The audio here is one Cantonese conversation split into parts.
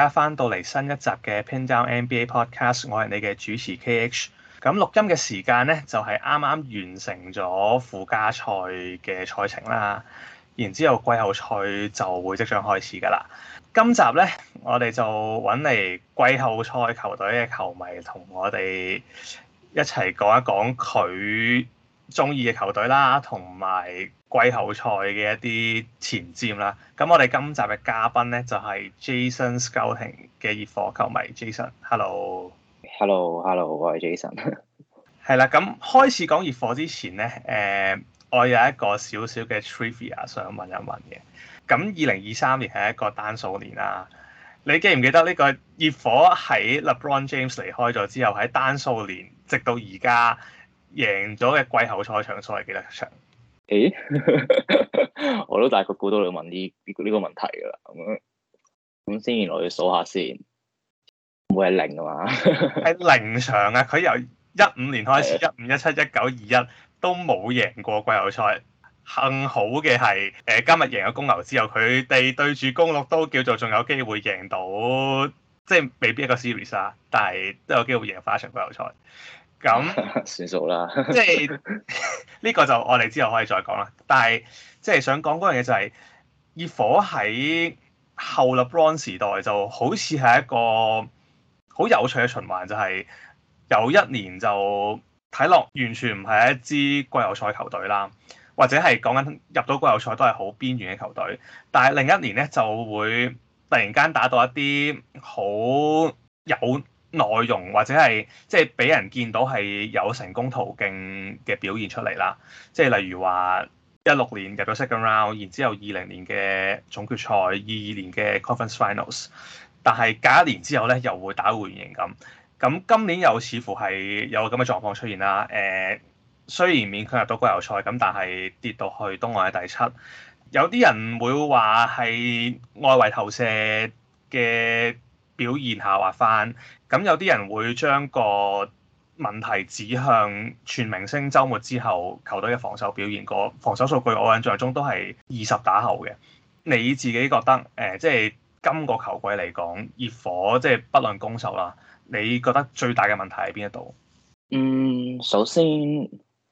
而家翻到嚟新一集嘅 Pindown NBA Podcast，我係你嘅主持 KH。咁錄音嘅時間咧，就係啱啱完成咗附加賽嘅賽程啦。然之後季後賽就會即將開始噶啦。今集咧，我哋就揾嚟季後賽球隊嘅球迷同我哋一齊講一講佢中意嘅球隊啦，同埋，季後賽嘅一啲前瞻啦，咁我哋今集嘅嘉賓咧就係、是、Jason Scouting 嘅熱火球迷 Jason，Hello，Hello，Hello，我係 Jason。係啦，咁開始講熱火之前咧，誒、呃，我有一個少少嘅 trivia 想問一問嘅。咁二零二三年係一個單數年啦、啊，你記唔記得呢個熱火喺 LeBron James 離開咗之後喺單數年直到而家贏咗嘅季後賽場數係幾多場？誒， 我都大概估到你要問呢呢、這個問題噶啦，咁咁先，原來要數下先，唔會係零啊嘛，係 零場啊！佢由一五年開始，一五、一七、一九、二一都冇贏過季後賽。幸好嘅係，誒、呃，今日贏咗公牛之後，佢哋對住公鹿都叫做仲有機會贏到，即、就、係、是、未必一個 series 啊，但係都有機會贏返一場季後賽。咁算數啦，即係呢個就我哋之後可以再講啦。但係即係想講嗰樣嘢就係熱火喺後勒布朗時代就好似係一個好有趣嘅循環，就係有一年就睇落完全唔係一支季後賽球隊啦，或者係講緊入到季後賽都係好邊緣嘅球隊。但係另一年咧就會突然間打到一啲好有內容或者係即係俾人見到係有成功途徑嘅表現出嚟啦，即係例如話一六年入咗 second round，然之後二零年嘅總決賽，二二年嘅 conference finals，但係隔一年之後咧又會打回原形咁。咁今年又似乎係有咁嘅狀況出現啦。誒、呃，雖然勉強入到季後賽，咁但係跌到去東岸嘅第七。有啲人會話係外圍投射嘅表現下滑翻，咁有啲人會將個問題指向全明星週末之後球隊嘅防守表現。個防守數據我印象中都係二十打後嘅。你自己覺得誒、呃，即係今個球季嚟講，熱火即係不論攻守啦，你覺得最大嘅問題喺邊一度？嗯，首先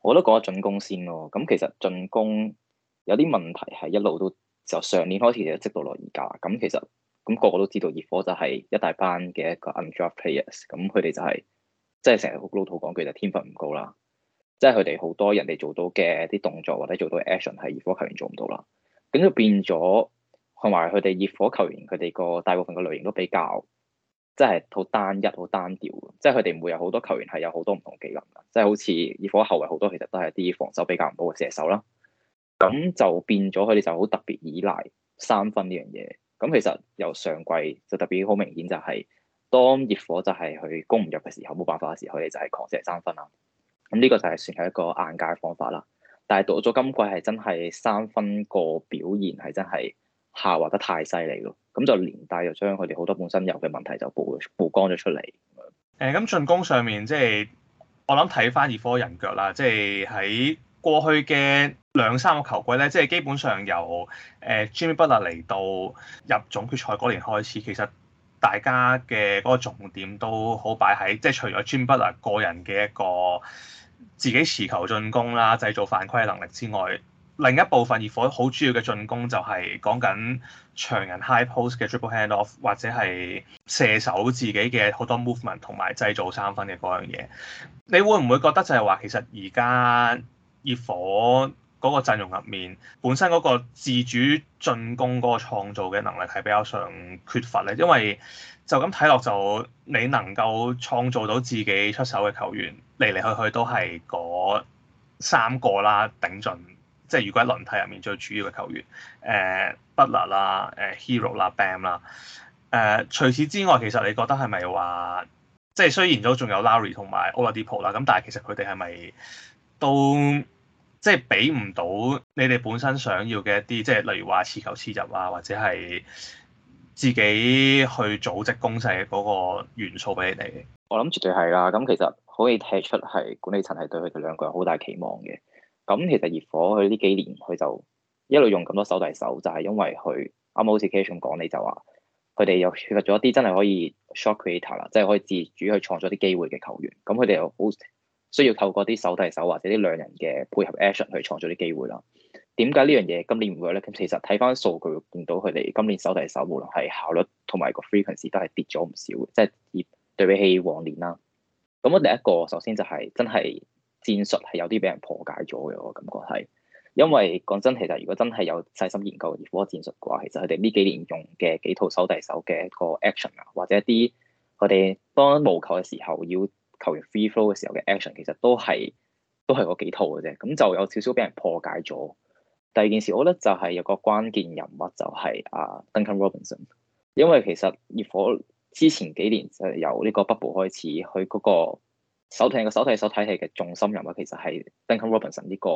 我都講下進攻先咯、哦。咁其實進攻有啲問題係一路都就上年開始其實積到落而家。咁其實咁、嗯、個個都知道熱火就係一大班嘅一個 undraft players，咁佢哋就係即係成日好老土講句就是、天分唔高啦，即係佢哋好多人哋做到嘅啲動作或者做到嘅 action 係熱火球員做唔到啦，咁就變咗同埋佢哋熱火球員佢哋個大部分嘅類型都比較即係好單一好單調，即係佢哋唔會有好多球員係有好多唔同技能，即、就、係、是、好似熱火後衞好多其實都係啲防守比較唔好嘅射手啦，咁就變咗佢哋就好特別依賴三分呢樣嘢。咁其實由上季就特別好明顯，就係當熱火就係佢攻唔入嘅時候，冇辦法嘅時候，佢哋就係狂射三分啦。咁呢個就係算係一個硬解嘅方法啦。但係到咗今季係真係三分個表現係真係下滑得太犀利咯。咁就連帶就將佢哋好多本身有嘅問題就暴曝光咗出嚟。誒、呃，咁進攻上面即係我諗睇返熱火人腳啦，即係喺。過去嘅兩三個球季咧，即係基本上由誒 Jimmy Butler 嚟到入總決賽嗰年開始，其實大家嘅嗰個重點都好擺喺即係除咗 Jimmy Butler 個人嘅一個自己持球進攻啦、製造犯規嘅能力之外，另一部分熱火好主要嘅進攻就係講緊長人 high post 嘅 dribble hand off，或者係射手自己嘅好多 movement 同埋製造三分嘅嗰樣嘢。你會唔會覺得就係話其實而家？熱火嗰個陣容入面，本身嗰個自主進攻嗰個創造嘅能力係比較上缺乏咧，因為就咁睇落就你能夠創造到自己出手嘅球員，嚟嚟去去都係嗰三個啦，頂盡即係、就是、如果喺輪替入面最主要嘅球員，誒 Butler 啦、誒、呃、Herro 啦、呃、Bam 啦，誒除此之外，其實你覺得係咪話即係雖然都仲有 Lowry 同埋 Oladipo 啦，咁但係其實佢哋係咪都？即係俾唔到你哋本身想要嘅一啲，即係例如話切入切入啊，或者係自己去組織攻勢嗰個元素俾你哋。我諗絕對係啦。咁其實可以睇出係管理層係對佢哋兩個有好大期望嘅。咁其實熱火佢呢幾年佢就一路用咁多手遞手，就係因為佢。啱啱開始講你就話，佢哋又缺乏咗一啲真係可以 shot creator 啦，即係可以自主去創造啲機會嘅球員。咁佢哋又好需要透過啲手遞手或者啲兩人嘅配合 action 去創造啲機會啦。點解呢樣嘢今年唔會咧？咁其實睇翻數據，見到佢哋今年手遞手無論係效率同埋個 frequency 都係跌咗唔少，即係、就是、對比起往年啦。咁我第一個首先就係、是、真係戰術係有啲俾人破解咗嘅，我感覺係。因為講真，其實如果真係有細心研究熱火戰術嘅話，其實佢哋呢幾年用嘅幾套手遞手嘅一個 action 啊，或者一啲我哋當無球嘅時候要。球員 free flow 嘅時候嘅 action 其實都係都係嗰幾套嘅啫，咁就有少少俾人破解咗。第二件事，我覺得就係有個關鍵人物就係啊 Duncan Robinson，因為其實熱火之前幾年就係由呢個 bubble 開始，佢嗰個手睇嘅手提、手睇係嘅重心人物，其實係 Duncan Robinson 呢個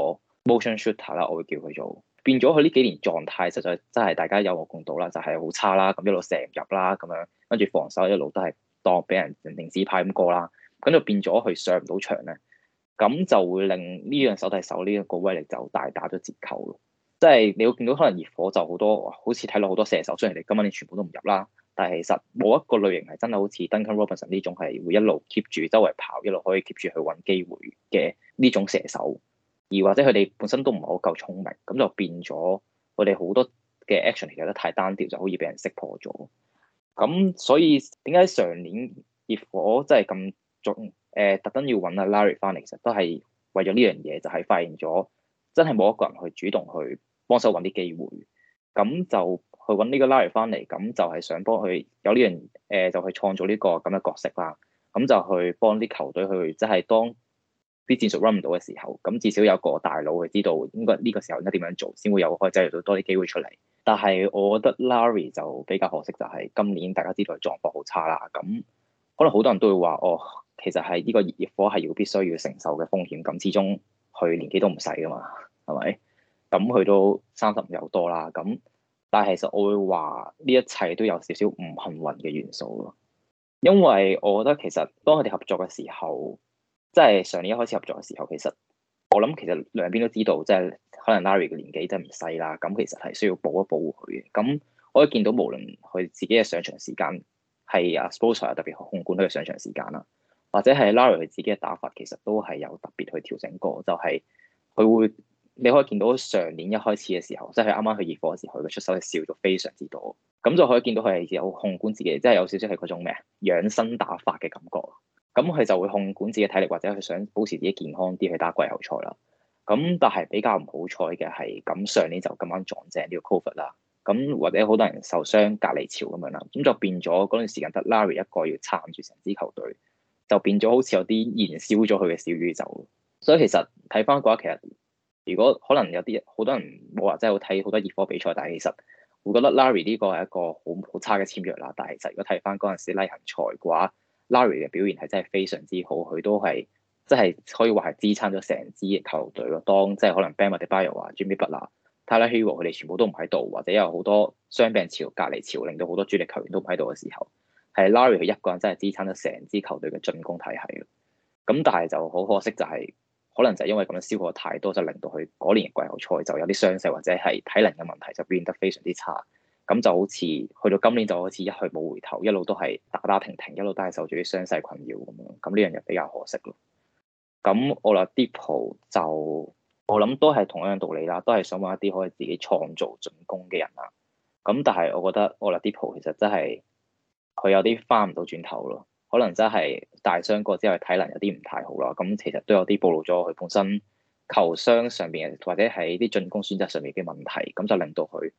motion shooter 啦，我會叫佢做。變咗佢呢幾年狀態，實在真係大家有目共睹啦，就係、是、好差啦，咁一路射唔入啦，咁樣跟住防守一路都係當俾人，人定指派咁過啦。咁就變咗佢上唔到場咧，咁就會令呢樣手提手呢一個威力就大打咗折扣咯。即係你會見到可能熱火就好多，好似睇落好多射手，雖然你今年你全部都唔入啦，但係其實冇一個類型係真係好似 Duncan Robinson 呢種係會一路 keep 住周圍跑，一路可以 keep 住去揾機會嘅呢種射手。而或者佢哋本身都唔係好夠聰明，咁就變咗佢哋好多嘅 action 其實都太單調，就好易俾人識破咗。咁所以點解上年熱火真係咁？做誒特登要揾阿 Larry 翻嚟，其實都係為咗呢樣嘢，就係發現咗真係冇一個人去主動去幫手揾啲機會，咁就去揾呢個 Larry 翻嚟，咁就係想幫佢有呢樣誒，就去創造呢個咁嘅角色啦。咁就去幫啲球隊去即係當啲戰術 run 唔到嘅時候，咁至少有個大佬去知道應該呢個時候應該點樣做，先會有可以製造到多啲機會出嚟。但係我覺得 Larry 就比較可惜，就係今年大家知道佢狀況好差啦。咁可能好多人都會話哦。其實係呢個熱熱火係要必須要承受嘅風險，咁始終佢年紀都唔細㗎嘛，係咪？咁佢都三十有多啦，咁但係其實我會話呢一切都有少少唔幸運嘅元素咯，因為我覺得其實當佢哋合作嘅時候，即係上年一開始合作嘅時候，其實我諗其實兩邊都知道，即係可能 Larry 嘅年紀真係唔細啦，咁其實係需要補一補佢嘅。咁我可以見到無論佢自己嘅上場時間，係啊 Sports 又特別控管佢嘅上場時間啦。或者係 Larry 佢自己嘅打法，其實都係有特別去調整過。就係、是、佢會，你可以見到上年一開始嘅時候，即係啱啱去熱火嗰時候，佢嘅出手係少咗非常之多。咁就可以見到佢係有控管自己，即、就、係、是、有少少係嗰種咩啊養生打法嘅感覺。咁佢就會控管自己體力，或者佢想保持自己健康啲去打季後賽啦。咁但係比較唔好彩嘅係，咁上年就咁啱撞正呢個 Covid 啦。咁或者好多人受傷隔離潮咁樣啦，咁就變咗嗰段時間得 Larry 一個要撐住成支球隊。就變咗好似有啲燃燒咗佢嘅小宇宙，所以其實睇翻嘅話，其實如果可能有啲好多人冇話真係會睇好多熱火比賽，但係其實會覺得 Larry 呢個係一個好好差嘅簽約啦。但係其實如果睇翻嗰陣時例行賽嘅話，Larry 嘅表現係真係非常之好，佢都係即係可以話係支撐咗成支球隊咯。當即係可能 Bam Adebayo 啊、Jimmy Butler、Tyler Herro 佢哋全部都唔喺度，或者有好多傷病潮、隔離潮，令到好多主力球員都唔喺度嘅時候。係 Larry，佢一個人真係支撐咗成支球隊嘅進攻體系，咁但係就好可惜、就係，就係可能就係因為咁樣消耗太多，就令到佢嗰年嘅季後賽就有啲傷勢或者係體能嘅問題，就變得非常之差。咁就好似去到今年就好似一去冇回頭，一路都係打打停停，一路都係受住啲傷勢困擾咁樣。咁呢樣就比較可惜咯。咁我 Oladipo 就我諗都係同樣道理啦，都係想揾一啲可以自己創造進攻嘅人啦。咁但係我覺得我 Oladipo 其實真係。佢有啲翻唔到轉頭咯，可能真係大傷過之後體能有啲唔太好啦。咁其實都有啲暴露咗佢本身球商上面或者係啲進攻選擇上面嘅問題。咁就令到佢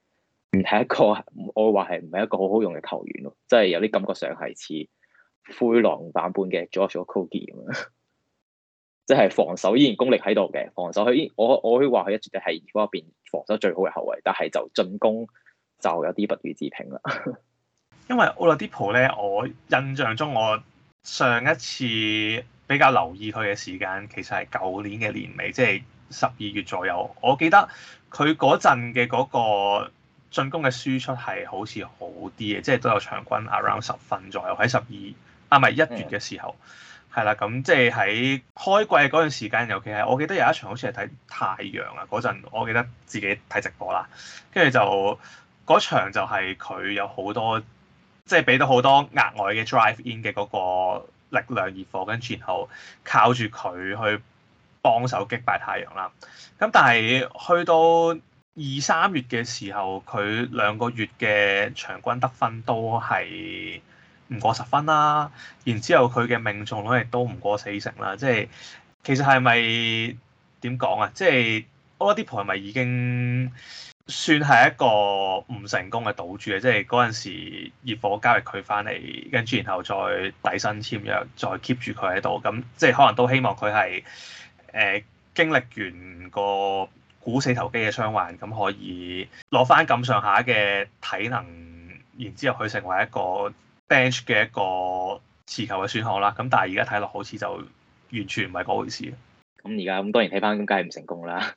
唔係一個，嗯、我話係唔係一個好好用嘅球員咯。即係有啲感覺上係似灰狼版本嘅 Josh Okogie 咁樣，即係防守依然功力喺度嘅，防守佢我我可以話佢一直對係嗰邊防守最好嘅後衛，但係就進攻就有啲不予置評啦。 因為奧拉迪浦咧，我印象中我上一次比較留意佢嘅時間，其實係舊年嘅年尾，即係十二月左右。我記得佢嗰陣嘅嗰個進攻嘅輸出係好似好啲嘅，即係都有場均 around 十分左右喺十二啊，唔係一月嘅時候，係啦 Yeah.。咁即係喺開季嗰段時間，尤其係我記得有一場好似係睇太陽啊嗰陣，陣我記得自己睇直播啦，跟住就嗰場就係佢有好多。即係俾到好多額外嘅 drive in 嘅嗰個力量熱火，跟住後靠住佢去幫手擊敗太陽啦。咁但係去到二三月嘅時候，佢兩個月嘅場均得分都係唔過十分啦，然之後佢嘅命中率亦都唔過四成啦。即係其實係咪點講啊？即係 Oladipo 係咪已經？算係一個唔成功嘅賭注嘅，即係嗰陣時熱火交易佢翻嚟，跟住然後再底薪簽約，再 keep 住佢喺度，咁即係可能都希望佢係誒經歷完個股四頭肌嘅傷患，咁可以攞翻咁上下嘅體能，然之後佢成為一個 bench 嘅一個持球嘅選項啦。咁但係而家睇落好似就完全唔係嗰回事。咁而家咁當然睇翻咁梗係唔成功啦。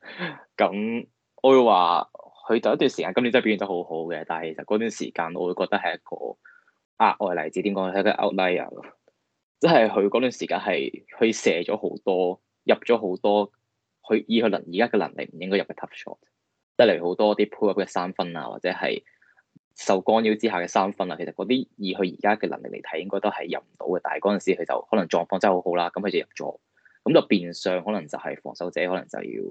咁 我會話。佢就一段時間今年真係表現得好好嘅，但係其實嗰段時間我會覺得係一個額外例子，點講咧？佢係個 outlier 囉，即係佢嗰段時間係佢射咗好多，入咗好多，佢以佢能而家嘅能力唔應該入嘅 tough shot，得嚟好多啲 pull up 嘅三分啊，或者係受干擾之下嘅三分啊。其實嗰啲以佢而家嘅能力嚟睇，應該都係入唔到嘅。但係嗰陣時佢就可能狀況真係好好啦，咁佢就入咗，咁就變相可能就係防守者可能就要，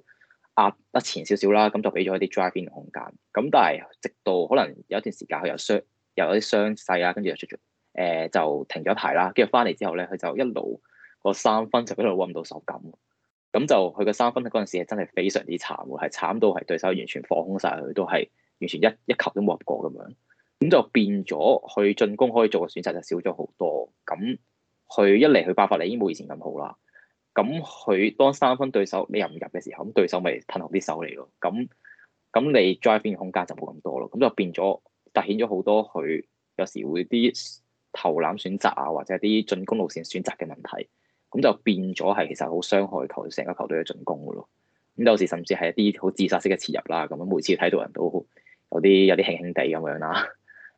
壓得前少少啦，咁就俾咗一啲 driving 空間。咁但係直到可能有一段時間佢又傷，又有啲傷勢啦，跟住又出咗，誒、呃、就停咗排啦。跟住翻嚟之後咧，佢就一路個三分就一路搵唔到手感。咁就佢個三分嗰陣時係真係非常之慘喎，係慘到係對手完全放空晒佢，都係完全一一球都冇入過咁樣。咁就變咗佢進攻可以做嘅選擇就少咗好多。咁佢一嚟去爆發力已經冇以前咁好啦。咁佢當三分對手你入唔入嘅時候，咁對手咪褪落啲手嚟咯。咁咁你 driving 嘅空間就冇咁多咯。咁就變咗凸顯咗好多佢有時會啲投籃選擇啊，或者啲進攻路線選擇嘅問題。咁就變咗係其實好傷害球成個球隊嘅進攻咯。咁有時甚至係一啲好自殺式嘅切入啦。咁每次睇到人都有啲有啲輕輕地咁樣啦。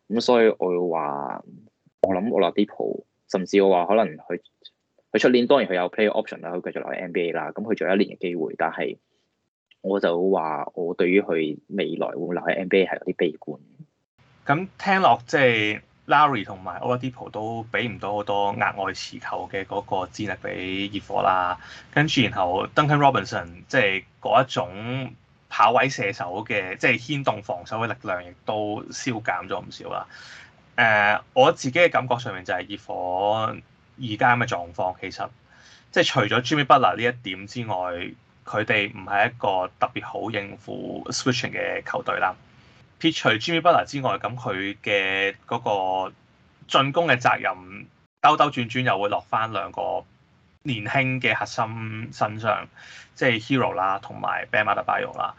咁所以我會話，我諗我落啲譜，甚至我話可能佢。佢出年當然佢有 play option 啦，佢繼續留喺 NBA 啦。咁佢仲有一年嘅機會，但係我就話我對於佢未來會留喺 NBA 係有啲悲觀。咁聽落即係 Lowry 同埋 Oladipo 都俾唔到好多額外持球嘅嗰個戰力俾熱火啦。跟住然後 Duncan Robinson 即係嗰一種跑位射手嘅，即係牽動防守嘅力量，亦都消減咗唔少啦。誒，我自己嘅感覺上面就係熱火。而家咁嘅狀況，其實即係除咗 Jimmy Butler 呢一點之外，佢哋唔係一個特別好應付 switching 嘅球隊啦。撇除 Jimmy Butler 之外，咁佢嘅嗰個進攻嘅責任，兜兜轉轉又會落翻兩個年輕嘅核心身上，即係 Hero 啦，同埋 Bam Adebayo 啦。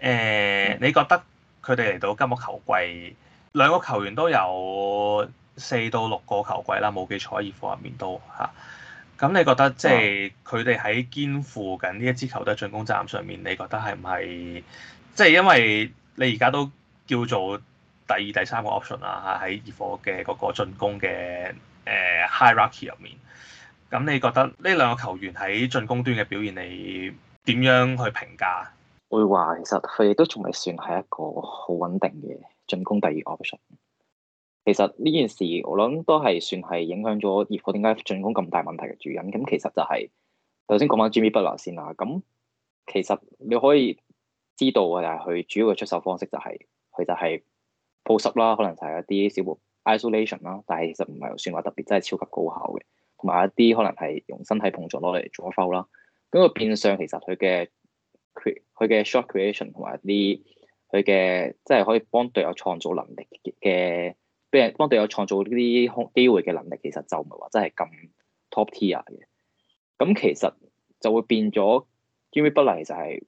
誒、呃，你覺得佢哋嚟到今個球季，兩個球員都有？四到六個球季啦，冇記錯，熱火入面都嚇。咁你覺得即係佢哋喺肩負緊呢一支球隊進攻站上面，你覺得係唔係即係因為你而家都叫做第二、第三個 option 啊？喺熱火嘅嗰個進攻嘅誒、呃、hierarchy 入面，咁你覺得呢兩個球員喺進攻端嘅表現，你點樣去評價？會話，其實佢哋都仲未算係一個好穩定嘅進攻第二 option。其實呢件事我諗都係算係影響咗熱火點解進攻咁大問題嘅主因。咁其實就係、是、頭先講翻 Jimmy Butler 先啦。咁其實你可以知道啊，佢主要嘅出手方式就係、是、佢就係 post 啦，可能就係一啲小步 isolation 啦，但係其實唔係算話特別真係超級高效嘅。同埋一啲可能係用身體碰撞攞嚟做一剖啦。咁個變相其實佢嘅佢嘅 shot creation 同埋一啲佢嘅即係可以幫隊友創造能力嘅。俾人幫隊友創造呢啲空機會嘅能力，其實就唔係話真係咁 top tier 嘅。咁其實就會變咗，Jimmy 不嚟就係、是、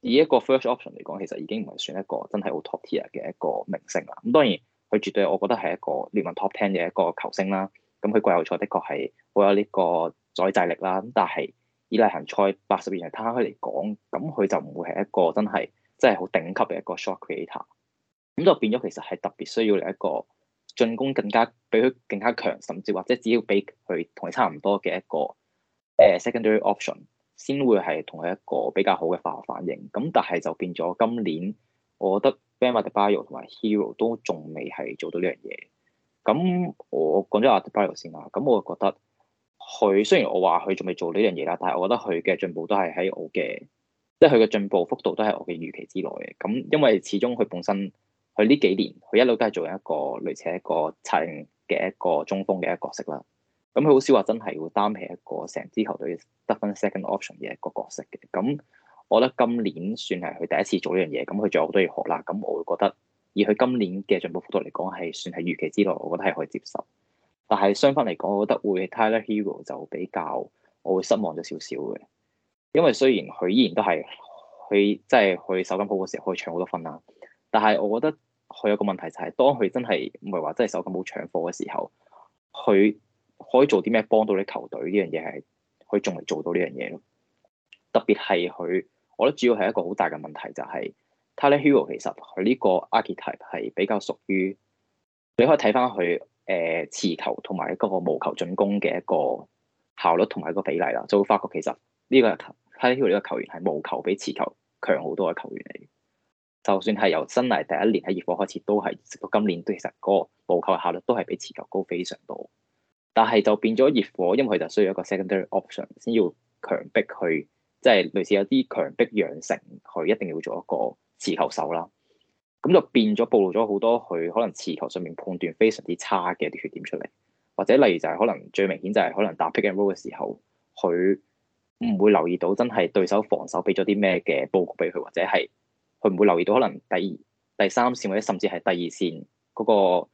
以一個 first option 嚟講，其實已經唔係算一個真係好 top tier 嘅一個明星啦。咁當然佢絕對我覺得係一個列為 top ten 嘅一個球星啦。咁佢季後賽的確係會有呢個載製力啦。咁但係以例行賽八十二場攤開嚟講，咁佢就唔會係一個真係真係好頂級嘅一個 s h o r t creator。咁就變咗其實係特別需要嚟一個。進攻更加俾佢更加強，甚至或者只要俾佢同佢差唔多嘅一個誒、呃、secondary option，先會係同佢一個比較好嘅化學反應。咁但係就變咗今年，我覺得 Bam Adebayo 同埋 Hero 都仲未係做到呢樣嘢。咁我講咗 Adebayo 先啦。咁我，我，我覺得佢雖然我話佢仲未做呢樣嘢啦，但係我覺得佢嘅進步都係喺我嘅，即係佢嘅進步幅度都係我嘅預期之內嘅。咁因為始終佢本身。佢呢幾年，佢一路都係做一個類似一個策應嘅一個中鋒嘅一個角色啦。咁佢好少話真係會擔起一個成支球隊得分 second option 嘅一個角色嘅。咁我覺得今年算係佢第一次做呢樣嘢。咁佢仲有好多嘢學啦。咁我會覺得，以佢今年嘅進步幅度嚟講，係算係預期之內。我覺得係可以接受。但係相反嚟講，我覺得會 Tyler Herro 就比較我會失望咗少少嘅。因為雖然佢依然都係佢即係佢手感好嗰時候可以搶好多分啦，但係我覺得。佢有個問題就係，當佢真係唔係話真係手咁冇搶貨嘅時候，佢可以做啲咩幫到啲球隊？呢樣嘢係佢仲未做到呢樣嘢咯。特別係佢，我覺得主要係一個好大嘅問題就係、是、Tyler Hero 其實佢呢個 archetype 係比較屬於你可以睇翻佢誒持球同埋一個無球進攻嘅一個效率同埋一個比例啦，就會發覺其實呢、這個 Tyler Hero 呢個球員係無球比持球強好多嘅球員嚟。就算係由新嚟第一年喺熱火開始都，都係直到今年，都其實個步球嘅效率都係比持球高非常多。但係就變咗熱火，因為佢就需要一個 secondary option，先要強迫佢，即係類似有啲強迫養成，佢一定要做一個持球手啦。咁就變咗暴露咗好多佢可能持球上面判斷非常之差嘅啲缺點出嚟，或者例如就係可能最明顯就係可能打 pick and roll 嘅時候，佢唔會留意到真係對手防守俾咗啲咩嘅報告俾佢，或者係。佢唔會留意到可能第二第三線或者甚至係第二線嗰個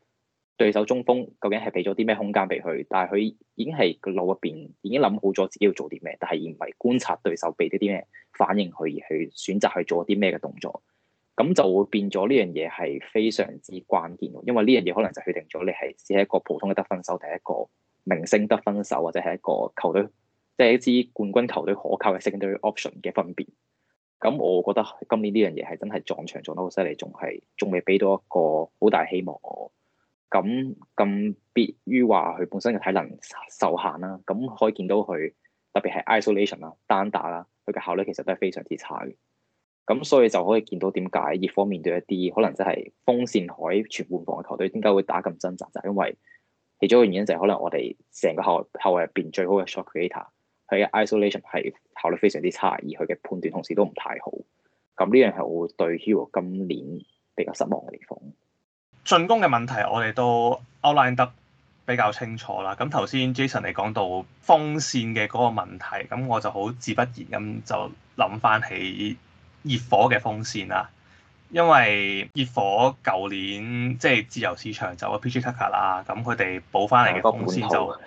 對手中鋒究竟係俾咗啲咩空間俾佢，但係佢已經係個腦入邊已經諗好咗自己要做啲咩，但係而唔係觀察對手俾啲啲咩反應，佢而去選擇去做啲咩嘅動作，咁就會變咗呢樣嘢係非常之關鍵。因為呢樣嘢可能就決定咗你係只係一個普通嘅得分手，定係一個明星得分手，或者係一個球隊，即係一支冠軍球隊可靠嘅 secondary option 嘅分別。咁我覺得今年呢樣嘢係真係撞牆撞得好犀利，仲係仲未俾到一個好大希望我。我咁更別於話佢本身嘅體能受限啦，咁可以見到佢特別係 isolation 啦、單打啦，佢嘅效率其實都係非常之差嘅。咁所以就可以見到點解熱火面對一啲可能即係風扇海全換防嘅球隊，點解會打咁掙扎，就係、是、因為其中一個原因就係可能我哋成個後後衞入邊最好嘅 shot creator。佢嘅，isolation 係考慮非常之差，而佢嘅判斷同時都唔太好。咁呢樣係我對 Hero 今年比較失望嘅地方。進攻嘅問題，我哋都 outline 得比較清楚啦。咁頭先 Jason 你講到鋒線嘅嗰個問題，咁我就好自不然咁就諗翻起熱火嘅鋒線啦。因為熱火舊年即係、就是、自由市場走咗 PG Tucker 啦，咁佢哋補翻嚟嘅鋒線就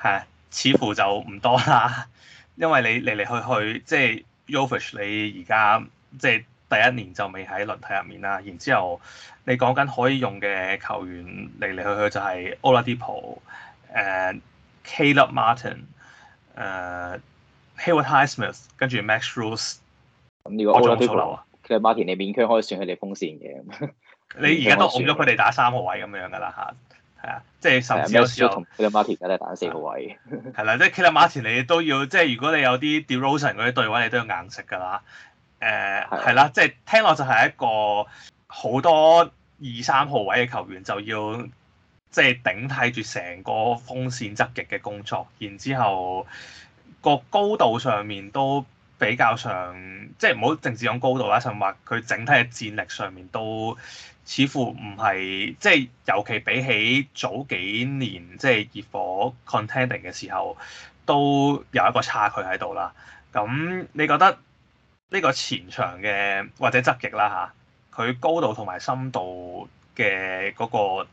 係。似乎就唔多啦，因為你嚟嚟去去即係 Jovic 你而家即係第一年就未喺輪替入面啦。然之後你講緊可以用嘅球員嚟嚟去去就係 Oladipo、誒 Caleb、uh, Martin、uh,、誒 Haywood Highsmith，跟住 Max Strus 咁如果 Oladipo 佢 Martin，你勉強可以算佢哋風扇嘅。 你而家都㧬咗佢哋打三號位咁樣噶啦嚇。係啊，即係甚至有時候，你阿馬田都係打四號位，係啦、啊 啊，即係其實馬田你都要，即係如果你有啲 DeRozan 嗰啲對位，你都要硬食噶啦。誒、呃，係啦、啊啊，即係聽落就係一個好多二三號位嘅球員就要，即係頂替住成個風扇側翼嘅工作，然之後個高度上面都比較上，即係唔好淨止講高度啦，甚至話佢整體嘅戰力上面都。似乎唔係，即係，尤其比起早幾年即係熱火 contending 嘅時候，都有一個差距喺度啦。咁你覺得呢個前場嘅或者側翼啦吓，佢高度同埋深度嘅嗰個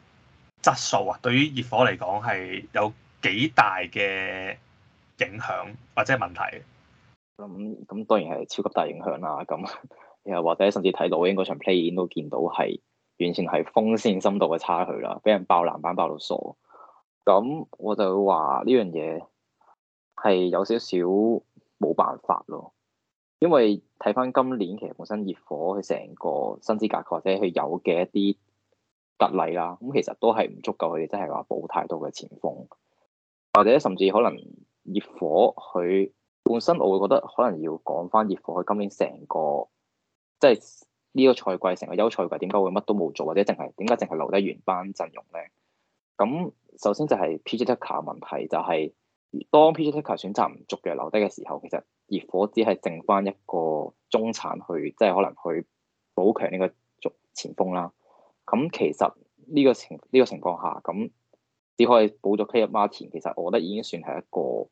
質素啊，對於熱火嚟講，係有幾大嘅影響或者問題？咁咁當然係超級大影響啦。咁又或者甚至睇老英嗰場 play 都見到係。完全係風線深度嘅差距啦，俾人爆籃板爆到傻。咁我就會話呢樣嘢係有少少冇辦法咯，因為睇翻今年其實本身熱火佢成個薪資結構，或者佢有嘅一啲特例啦，咁其實都係唔足夠佢哋真係話補太多嘅前鋒，或者甚至可能熱火佢本身，我會覺得可能要講翻熱火佢今年成個即係。呢個賽季，成個休賽季點解會乜都冇做，或者淨係點解淨係留低原班陣容咧？咁首先就係 PJ Tucker 問題，就係、是、當 PJ Tucker 選擇唔續約留低嘅時候，其實熱火只係剩翻一個中產去，即係可能去補強呢個前鋒啦。咁其實呢個情呢個情況下，咁只可以補咗 Caleb Martin，其實我覺得已經算係一個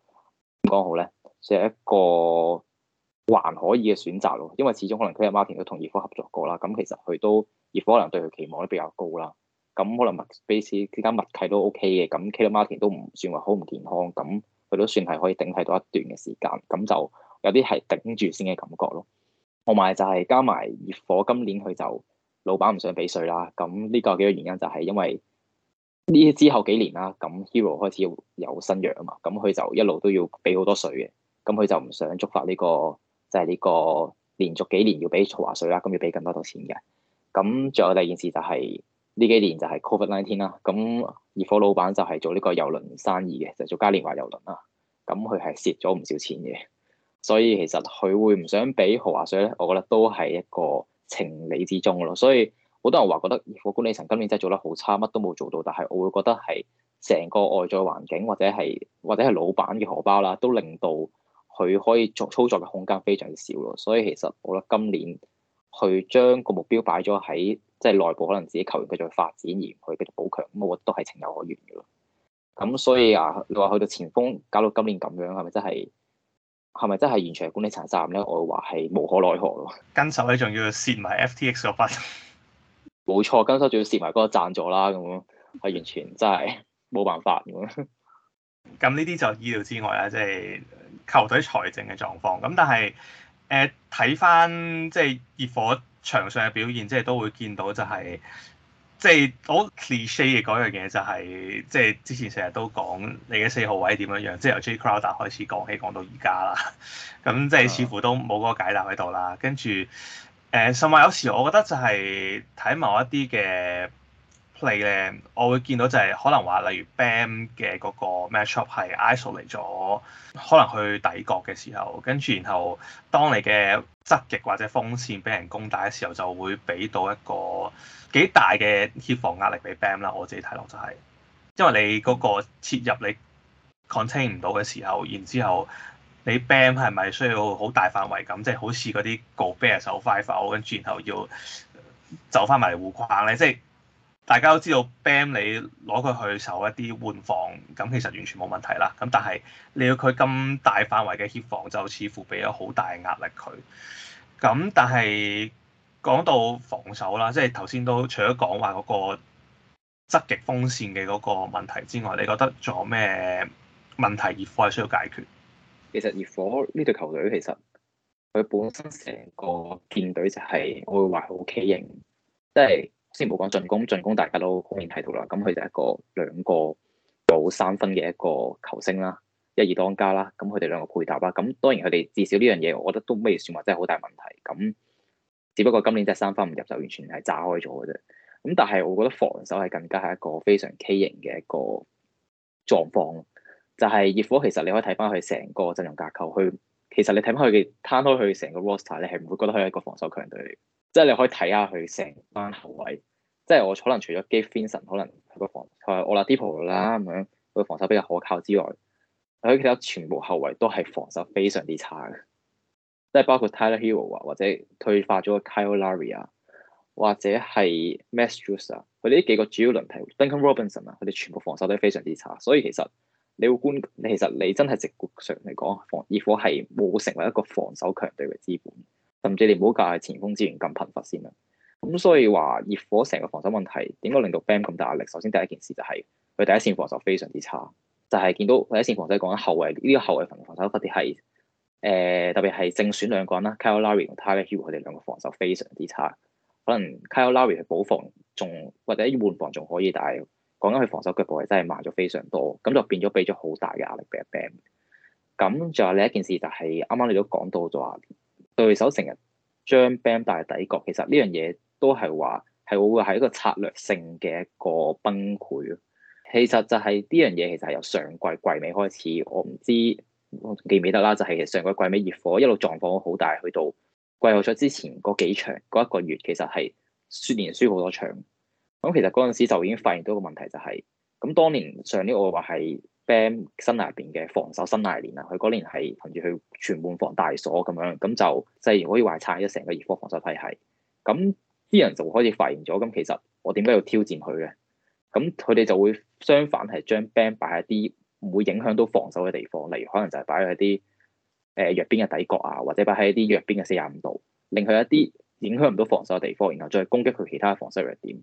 點講好咧，算係一個。還可以嘅選擇咯，因為始終可能 Caleb Martin 都同熱火合作過啦，咁其實佢都熱火可能對佢期望都比較高啦，咁可能 Max Base 間默契都 OK 嘅，咁 Caleb Martin 都唔算話好唔健康，咁佢都算係可以頂替到一段嘅時間，咁就有啲係頂住先嘅感覺咯，同埋就係加埋熱火今年佢就老闆唔想俾稅啦，咁呢個幾個原因就係因為呢之後幾年啦，咁 Hero 開始要有新約啊嘛，咁佢就一路都要俾好多稅嘅，咁佢就唔想觸發呢個。就係呢個連續幾年要俾豪華稅啦，咁要俾更加多錢嘅。咁仲有第二件事就係呢幾年就係 Covid nineteen 啦。咁熱火老闆就係做呢個郵輪生意嘅，就做嘉年華郵輪啦。咁佢係蝕咗唔少錢嘅，所以其實佢會唔想俾豪華稅咧，我覺得都係一個情理之中咯。所以好多人話覺得熱火管理層今年真係做得好差，乜都冇做到。但係我會覺得係成個外在環境或者係或者係老闆嘅荷包啦，都令到。佢可以作操作嘅空間非常少咯，所以其實我覺得今年佢將個目標擺咗喺即係內部，可能自己球員繼續發展而唔去繼續補強，咁我覺得都係情有可原嘅咯。咁所以啊，你話去到前鋒搞到今年咁樣，係咪真係係咪真係完全管理層差咧？我話係無可奈何咯。跟手咧仲要蝕埋 FTX 個分，冇 錯，跟手仲要蝕埋嗰個贊助啦，咁樣係完全真係冇辦法咁啊。咁呢啲就意料之外啦，即係球隊財政嘅狀況。咁但係誒睇翻，即係熱火場上嘅表現，即係都會見到就係即係好 cliche 嘅嗰樣嘢，就係即係之前成日都講你嘅四號位點樣樣，即係由 J Crowder 開始講起，講到而家啦。咁即係似乎都冇嗰個解答喺度啦。跟住誒、呃，甚至有時我覺得就係睇某一啲嘅。play 咧，我會見到就係可能話，例如 Bam 嘅嗰個 matchup 係 isolate 嚟咗，可能去底角嘅時候，跟住然後當你嘅側翼或者風扇俾人攻打嘅時候，就會俾到一個幾大嘅協防壓力俾 Bam 啦。我自己睇落就係、是，因為你嗰個切入你 contain 唔到嘅時候，然之後你 Bam 係咪需要好大範圍咁，即係好似嗰啲 Gobert 守 five out 跟住然後要走翻埋嚟護框咧，即係。大家都知道 Bam 你攞佢去守一啲換防，咁其實完全冇問題啦。咁但係你要佢咁大範圍嘅協防，就似乎俾咗好大壓力佢。咁但係講到防守啦，即係頭先都除咗講話嗰個側翼鋒線嘅嗰個問題之外，你覺得仲有咩問題熱火係需要解決？其實熱火呢隊球隊其實佢本身成個建隊就係、是，我會話好畸形，即係。先冇講進攻，進攻大家都好明顯睇到啦。咁佢就係一個兩個攞三分嘅一個球星啦，一二當家啦。咁佢哋兩個配搭啦。咁當然佢哋至少呢樣嘢，我覺得都未算話真係好大問題。咁只不過今年即係三分唔入就完全係炸開咗嘅啫。咁但係我覺得防守係更加係一個非常畸形嘅一個狀況。就係熱火其實你可以睇翻佢成個陣容架構，佢其實你睇翻佢嘅攤開佢成個 roster，你係唔會覺得佢係一個防守強隊。即係你可以睇下佢成班後衞，即係我可能除咗 Gabe Vincent 可能佢個防佢我啦，Diplo 啦，咁樣佢防守比較可靠之外，佢其他全部後衞都係防守非常之差嘅，即係包括 Tyler Herro 啊，或者退化咗 Kyle Lowry 啊，或者係 Matthews 啊，佢哋呢幾個主要輪替 Duncan Robinson 啊，佢哋全部防守都非常之差，所以其實你會觀，其實你真係直覺上嚟講，熱火係冇成為一個防守強隊嘅資本。甚至你唔好介前鋒資源咁貧乏先啦，咁所以話熱火成個防守問題點解令到 Bam 咁大壓力？首先第一件事就係、是、佢第一線防守非常之差，就係、是、見到第一線防守講緊後衞，呢個後衞防防守嗰啲係誒，特別係正選兩個人啦 Kyle Lowry 同 Tyler Herro 佢哋兩個防守非常之差，可能 Kyle Lowry 去補防仲或者換防仲可以，但係講緊佢防守腳步係真係慢咗非常多，咁就變咗俾咗好大嘅壓力俾 Bam。咁仲有另一件事就係啱啱你都講到咗。話。對手成日將 Bam 大底角，其實呢樣嘢都係話係會係一個策略性嘅一個崩潰。其實就係呢樣嘢，其實係由上季季尾開始，我唔知我記唔記得啦。就係、是、上季季尾熱火一路狀況好大，去到季後賽之前嗰幾場嗰一個月，其實係輸連輸好多場。咁其實嗰陣時就已經發現到一個問題、就是，就係咁當年上年我話係。Bam 新納入邊嘅防守新納年啊，佢嗰年係憑住佢全換防大鎖咁樣，咁就自然、即係、可以話拆咗成個熱火防守體系。咁啲人就會開始發現咗，咁其實我點解要挑戰佢嘅？咁佢哋就會相反係將 Bam 擺喺啲唔會影響到防守嘅地方，例如可能就係擺喺啲誒弱邊嘅底角啊，或者擺喺一啲弱邊嘅四十五度，令佢一啲影響唔到防守嘅地方，然後再攻擊佢其他防守弱點。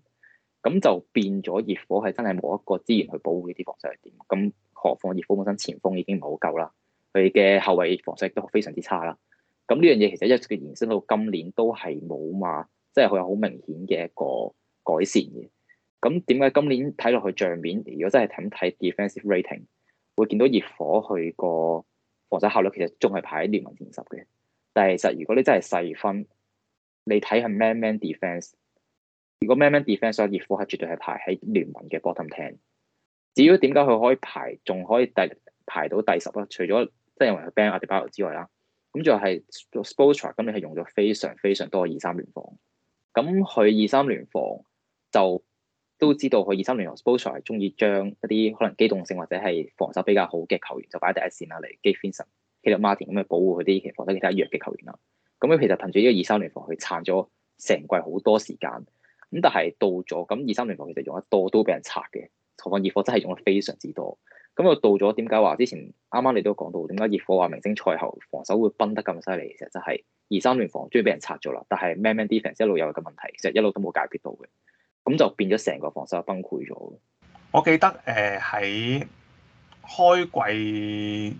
咁就變咗熱火係真係冇一個資源去保護呢啲防守弱點。咁何況熱火本身前鋒已經唔係好夠啦，佢嘅後衞防守都非常之差啦。咁呢樣嘢其實一直嘅延伸到今年都係冇嘛，即係佢有好明顯嘅一個改善嘅。咁點解今年睇落去帳面，如果真係睇睇 defensive rating，會見到熱火佢個防守效率其實仲係排喺聯盟前十嘅。但係其實如果你真係細分，你睇下 man man defense，如果 man man defense，咁熱火係絕對係排喺聯盟嘅 bottom ten。至於點解佢可以排，仲可以第排，排到第十啦？除咗即係因為 ban 阿迪巴爾之外啦，咁就係 Spo 咁，你係用咗非常非常多嘅二三聯防。咁佢二三聯防就都知道佢二三聯防 Spo 係中意將一啲可能機動性或者係防守比較好嘅球員就擺喺第一線啦，嚟 Gabe Vincent，Caleb Martin 咁去保護佢啲其實其他其他弱嘅球員啦。咁佢其實憑住呢個二三聯防，去撐咗成季好多時間。咁但係到咗，咁二三聯防其實用得多都俾人拆嘅。球房熱火真係用得非常之多，咁又到咗點解話之前啱啱你都講到點解熱火話明星賽後防守會崩得咁犀利？其實就係、是、二三聯防終於俾人拆咗啦，但係 man man defence 一路有嘅問題，其實一路都冇解決到嘅，咁就變咗成個防守崩潰咗。我記得誒喺、呃、開季，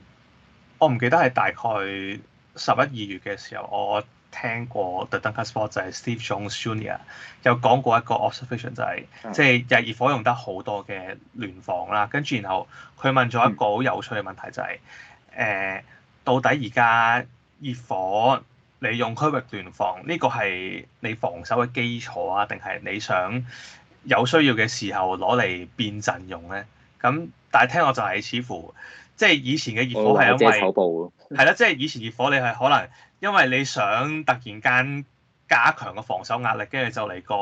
我唔記得係大概十一二月嘅時候我聽過 The Dunker Sport 就係 Steve Jones Jr. 有講過一個 observation 就係，即係日熱火用得好多嘅聯防啦，跟住然後佢問咗一個好有趣嘅問題就係、是，誒、嗯、到底而家熱火你用區域聯防呢個係你防守嘅基礎啊，定係你想有需要嘅時候攞嚟變陣用咧？咁但係聽我就係似乎即係、就是、以前嘅熱火係因為。係啦， 即係以前熱火你係可能因為你想突然間加強個防守壓力，跟住就嚟個誒、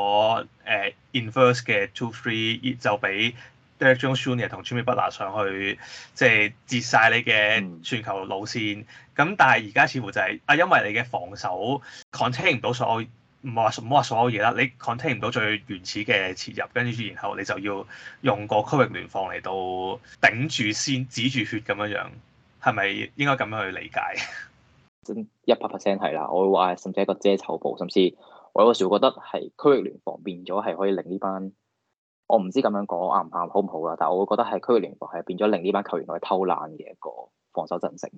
呃、inverse 嘅 two three，就俾 Derrick Jones Jr. 同 Jimmy Butler 上去，即係截晒你嘅傳球路線。咁、mm. 但係而家似乎就係啊，因為你嘅防守 contain 唔到所唔係話唔好話所有嘢啦，你 contain 唔到最原始嘅切入，跟住然後你就要用個區域聯防嚟到頂住先止住血咁樣樣。係咪應該咁樣去理解？一百 percent 係啦，我會話甚至一個遮羞布，甚至我有時會覺得係區域聯防變咗，係可以令呢班，我唔知咁樣講啱唔啱，好唔好啦。但係我會覺得係區域聯防係變咗令呢班球員去偷懶嘅一個防守陣型，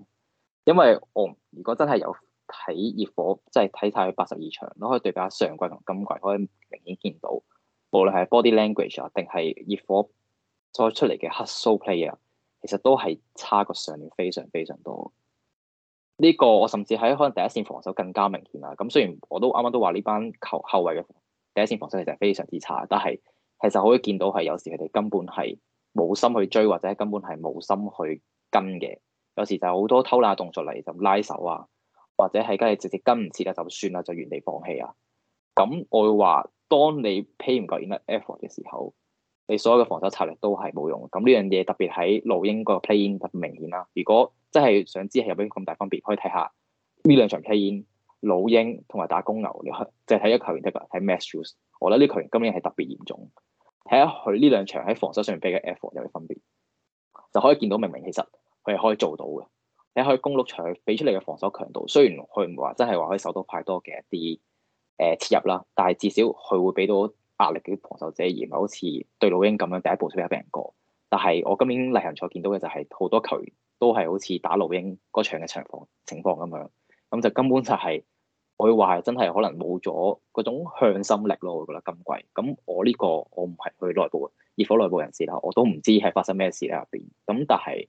因為我如果真係有睇熱火，即係睇晒佢八十二場，都可以對比下上季同今季，可以明顯見到，無論係 Body Language 啊，定係熱火再出嚟嘅 hustle player。其實都係差過上面非常非常多，呢個我甚至喺可能第一線防守更加明顯啦。咁雖然我都啱啱都話呢班球後衞嘅第一線防守其實係非常之差，但係其實可以見到係有時佢哋根本係冇心去追，或者根本係冇心去跟嘅。有時就好多偷懶動作嚟，就拉手啊，或者係跟係直接跟唔切啊，就算啦，就原地放棄啊。咁我會話，當你 pay 唔夠 enough effort 嘅時候。你所有嘅防守策略都係冇用，咁呢樣嘢特別喺老鷹嗰個 play in 特別明顯啦。如果真係想知係有咩咁大分別，可以睇下呢兩場 play in 老鷹同埋打公牛，你去即係睇咗球員 choose, 得噶，睇 Matthews。我覺得呢球員今年係特別嚴重，睇下佢呢兩場喺防守上面俾嘅 effort 有嘅分別，就可以見到明明其實佢係可以做到嘅。睇下佢公鹿場俾出嚟嘅防守強度，雖然佢唔話真係話可以守到太多嘅一啲誒、呃、切入啦，但係至少佢會俾到壓力嘅防守者，而唔係好似對老鷹咁樣第一步出俾人過。但係我今年例行賽見到嘅就係好多球員都係好似打老鷹嗰場嘅場況情況咁樣，咁就根本就係我會話真係可能冇咗嗰種向心力咯。我覺得今季，咁我呢個，我唔係去內部熱火內部人士啦，我都唔知係發生咩事喺入邊。咁但係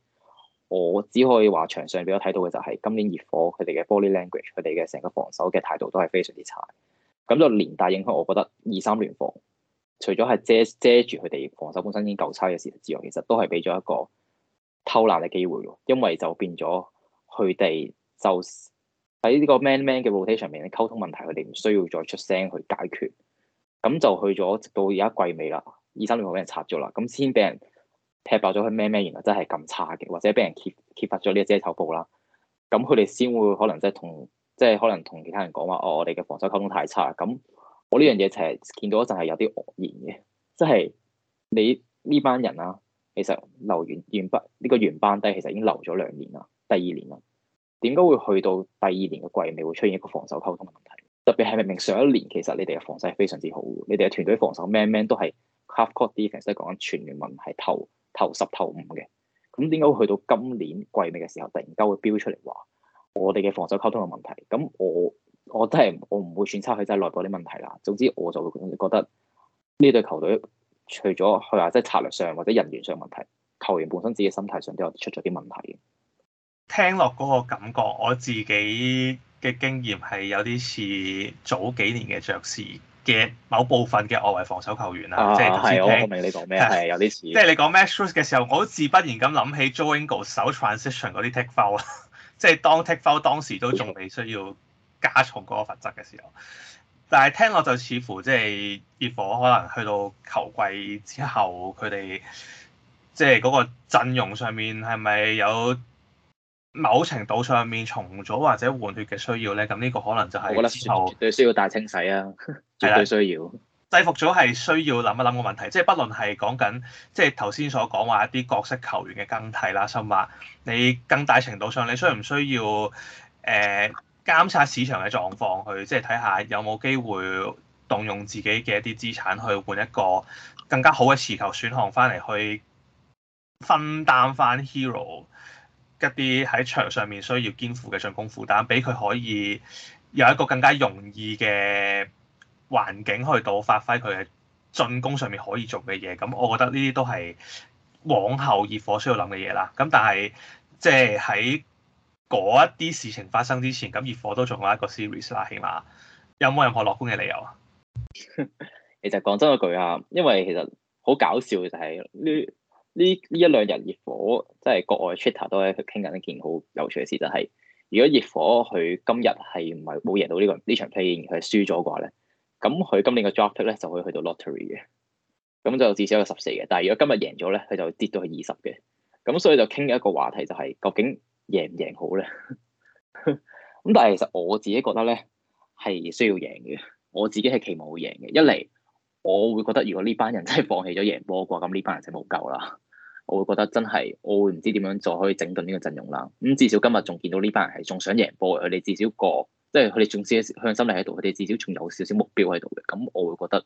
我只可以話場上俾我睇到嘅就係今年熱火佢哋嘅 body language，佢哋嘅成個防守嘅態度都係非常之差。咁就連帶影響，我覺得二三聯防，除咗係遮遮住佢哋防守本身已經夠差嘅事實之外，其實都係俾咗一個偷懶嘅機會喎。因為就變咗佢哋就喺呢個 man man 嘅 rotation 入面溝通問題，佢哋唔需要再出聲去解決。咁就去咗，直到而家季尾啦，二三聯防俾人拆咗啦，咁先俾人踢爆咗佢 man man，原來真係咁差嘅，或者俾人揭揭發咗呢啲遮羞布啦。咁佢哋先會可能真係同。即係可能同其他人講話，哦，我哋嘅防守溝通太差。咁我呢樣嘢其實見到一陣係有啲愕然嘅，即係你呢班人啊，其實留完完班呢個原班底其實已經留咗兩年啦，第二年啦，點解會去到第二年嘅季尾會出現一個防守溝通嘅問題？特別係明明上一年其實你哋嘅防守係非常之好，你哋嘅團隊防守 man man 都係 half court defence，講緊全聯盟係頭頭十頭五嘅。咁點解會去到今年季尾嘅時候，突然間會飆出嚟話，我哋嘅防守溝通嘅問題，咁我我真係我唔會選擇佢。真係內部啲問題啦。總之我就會覺得呢隊球隊除咗佢話即係策略上或者人員上問題，球員本身自己心態上都有出咗啲問題。聽落嗰個感覺，我自己嘅經驗係有啲似早幾年嘅爵士嘅某部分嘅外圍防守球員啦。啊、即係是的我明你講咩？係的有啲似。即係你講 a s h o e s 嘅時候，我都自不然咁諗起 Joe Ingles 手 transition 嗰啲 take foul。即係當 take foul 當時都仲未需要加重嗰個罰則嘅時候，但係聽落就似乎即係熱火可能去到球季之後，佢哋即係嗰個陣容上面係咪有某程度上面重組或者換血嘅需要咧？咁呢個可能就係我覺得之後絕對需要大清洗啊！絕對需要。制服組係需要諗一諗個問題，即係不論係講緊，即係頭先所講話一啲角色球員嘅更替啦，甚至你更大程度上，你需唔需要誒監察市場嘅狀況，去即係睇下有冇機會動用自己嘅一啲資產去換一個更加好嘅持球選項翻嚟，去分擔翻 Hero 一啲喺場上面需要肩負嘅進攻負擔，俾佢可以有一個更加容易嘅環境去到發揮佢嘅進攻上面可以做嘅嘢，咁我覺得呢啲都係往後熱火需要諗嘅嘢啦。咁但係即係喺嗰一啲事情發生之前，咁熱火都仲有一個 series 啦，起碼有冇任何樂觀嘅理由啊？其實講真嗰句啊，因為其實好搞笑嘅就係呢呢呢一兩日熱火即係國外 Twitter 都喺度傾緊一件好有趣嘅事，就係、是、如果熱火佢今日係唔係冇贏到呢、這個呢場 play 佢係輸咗嘅話咧？咁佢今年嘅 draft pick 咧就可以去到 lottery 嘅，咁就至少有十四嘅。但係如果今日贏咗咧，佢就會跌到去二十嘅。咁所以就傾嘅一個話題就係、是、究竟贏唔贏好咧？咁 但係其實我自己覺得咧係需要贏嘅，我自己係期望會贏嘅。一嚟，我會覺得如果呢班人真係放棄咗贏波嘅話，咁呢班人就冇救啦。我會覺得真係我會唔知點樣再可以整頓呢個陣容啦。咁至少今日仲見到呢班人係仲想贏波嘅，佢哋至少過。即係佢哋仲有少少向心力喺度，佢哋至少仲有少少目標喺度嘅。咁我會覺得，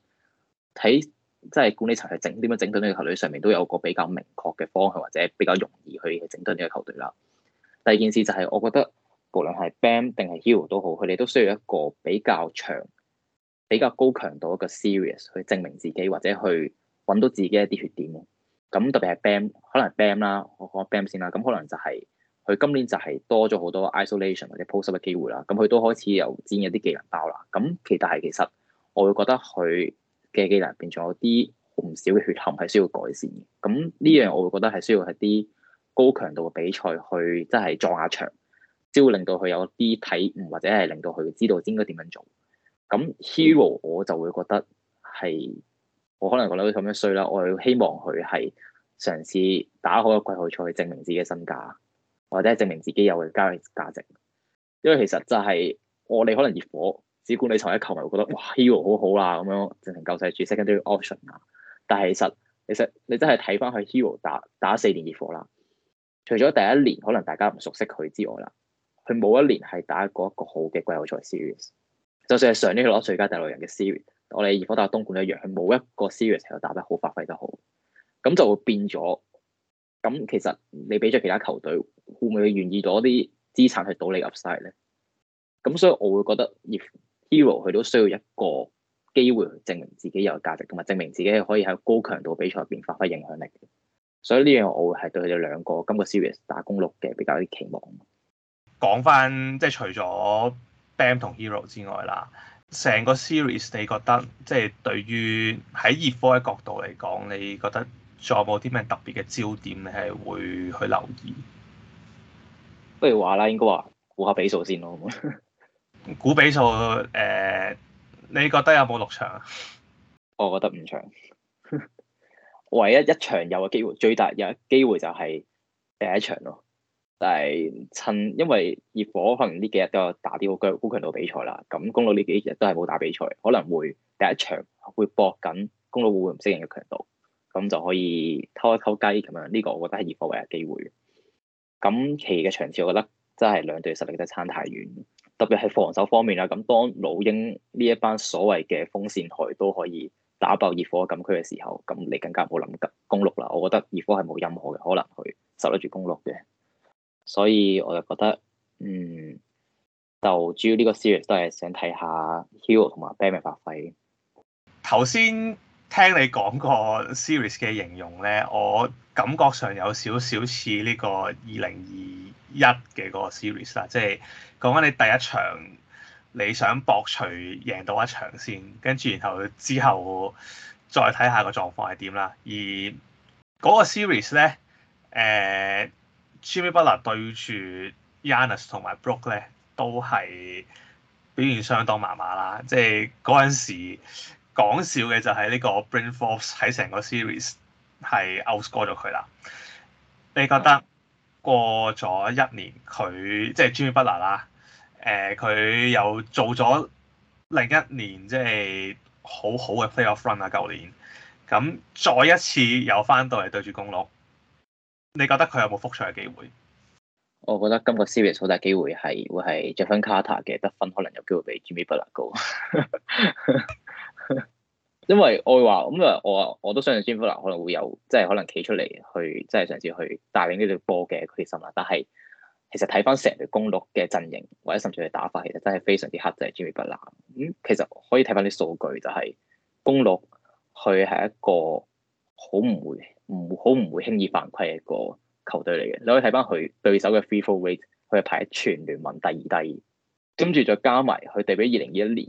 睇即係管理層係整點樣整到呢個球隊上面都有個比較明確嘅方向，或者比較容易去整到呢個球隊啦。第二件事就係、是、我覺得，無論係 Bam 定係 Herro 都好，佢哋都需要一個比較長、比較高強度一個 series 去證明自己，或者去揾到自己一啲缺點。咁特別係 Bam，可能係 Bam 啦，我講 Bam 先啦。咁可能就係、是。佢今年就係多咗好多 isolation 或者 post up 嘅機會啦，咁佢都開始又展一啲技能包啦。咁，其但係其實我會覺得佢嘅技能入邊仲有啲唔少嘅缺陷係需要改善嘅。咁呢樣我會覺得係需要係啲高強度嘅比賽去即係撞下牆，先會令到佢有啲體悟，或者係令到佢知道應該點樣做。咁 hero 我就會覺得係我可能覺得佢咁樣衰啦，我會希望佢係嘗試打好一季球賽，去證明自己嘅身價。或者係證明自己有嘅交易價值，因為其實就係我哋可能熱火只管理層一球迷會覺得哇 Hero 好好啦咁樣，證明救世主 second option 啊！Option, 但係其實其實,你,實你真係睇翻佢 Hero 打打四年熱火啦，除咗第一年可能大家唔熟悉佢之外啦，佢冇一年係打過一個好嘅季後賽 series，就算係上年攞最佳第六人嘅 series，我哋熱火打東莞一樣，佢冇一個 series 係打得好、發揮得好，咁就會變咗。咁其實你俾咗其他球隊會唔會願意攞啲資產去賭你 Upside 咧？咁所以我會覺得，如果 Hero 佢都需要一個機會去證明自己有價值，同埋證明自己可以喺高強度比賽入邊發揮影響力。所以呢樣我會對、這個、係對佢哋兩個今個 series 打公六嘅比較啲期望。講翻即係除咗 Bam 同 Hero 之外啦，成個 series 你覺得即係對於喺熱火嘅角度嚟講，你覺得？仲有冇啲咩特別嘅焦點？你係會去留意？不如話啦，應該話估下比數先咯。 估比數，誒、呃，你覺得有冇六場？我覺得五場。唯 一一場有嘅機會，最大有嘅機會就係第一場咯。但係趁因為熱火可能呢幾日都有打啲好高，高強度比賽啦，咁公鹿呢幾日都係冇打比賽，可能會第一場會搏緊公鹿會唔適應嘅強度。咁就可以偷一偷雞咁樣，呢個我覺得係熱火唯一機會。咁其嘅場次我覺得真係兩隊實力都差太遠，特別係防守方面啦。咁當老鷹呢一班所謂嘅風扇台都可以打爆熱火禁區嘅時候，咁你更加冇諗緊公鹿啦。我覺得熱火係冇任何嘅可能去守得住公鹿嘅。所以我就覺得，嗯，就主要呢個 series 都係想睇下 Herro 同埋 Bam 嘅發揮。頭先。聽你講過 series 嘅形容咧，我感覺上有少少似呢個二零二一嘅嗰個 series 啦，即係講緊你第一場你想博取贏到一場先，跟住然後之後再睇下個狀況係點啦。而嗰個 series 咧，誒、呃、Jimmy Butler 對住 Yanis 同埋 Brook 咧，都係表現相當麻麻啦，即係嗰陣時。講笑嘅就係呢個 Brain Force 喺成個 series 係 outscore 咗佢啦。你覺得過咗一年佢即係 Jimmy Butler 啊？誒，佢又做咗另一年即係好好嘅 Playoff run 啊！舊年咁再一次又翻到嚟對住公鹿，你覺得佢有冇復賽嘅機會？我覺得今個 series 好大機會係會係 Jevon Carter 嘅得分可能有機會比 Jimmy Butler 高。 因為我話咁啊，我我都相信詹弗蘭可能會有，即係可能企出嚟去，即係嘗試去帶領呢隊波嘅決心啦。但係其實睇翻成隊公鹿嘅陣型，或者甚至係打法，其實真係非常之克制詹弗蘭。咁、就係嗯、其實可以睇翻啲數據，就係，就係公鹿佢係一個好唔會唔好唔會輕易犯規嘅一個球隊嚟嘅。你可以睇翻佢對手嘅 free throw rate，佢係排喺全聯盟第二低。跟住再加埋佢對比二零二一年。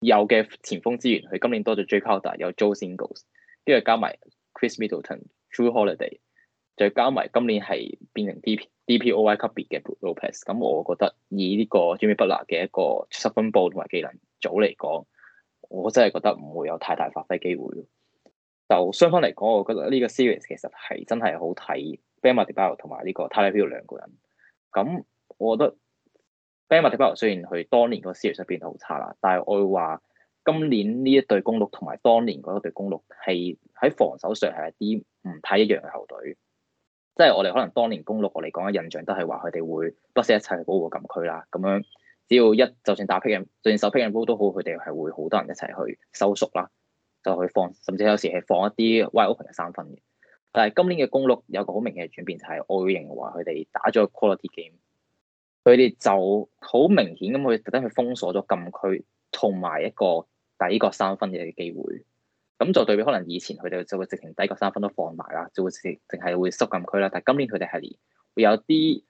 有嘅前鋒資源，佢今年多咗 Jae Crowder，有 Joe Ingles，跟住加埋 Khris Middleton，Jrue Holiday，再加埋今年係變成 D. DPOY 級別嘅 Brook Lopez。咁我覺得以呢個 Jimmy Butler 嘅一個十分暴同埋技能組嚟講，我真係覺得唔會有太大發揮機會。就雙方嚟講，我覺得呢個 series 其實係真係好睇。Bam Adebayo 同埋呢個 Tyler Herro 兩人，咁我覺得。Benmaty Buffalo 雖然佢當年個表現上變得好差啦，但係我會話今年呢一隊公鹿同埋當年嗰一隊公鹿係喺防守上係一啲唔太一樣嘅球隊。即係我哋可能當年公鹿我嚟講嘅印象都係話佢哋會不惜一切去保護禁區啦，咁樣只要一就算打 pick and roll，就算守 pick and roll 都好，佢哋係會好多人一齊去收縮啦，就去放，甚至有時係放一啲 wide open 嘅三分嘅。但係今年嘅公鹿有個好明顯嘅轉變就係我會認為佢哋打咗 quality game。佢哋就好明顯咁去特登去封鎖咗禁區，同埋一個底角三分嘅機會。咁就對比可能以前佢哋就會直情底角三分都放埋啦，就會直情淨係會縮禁區啦。但係今年佢哋係會有啲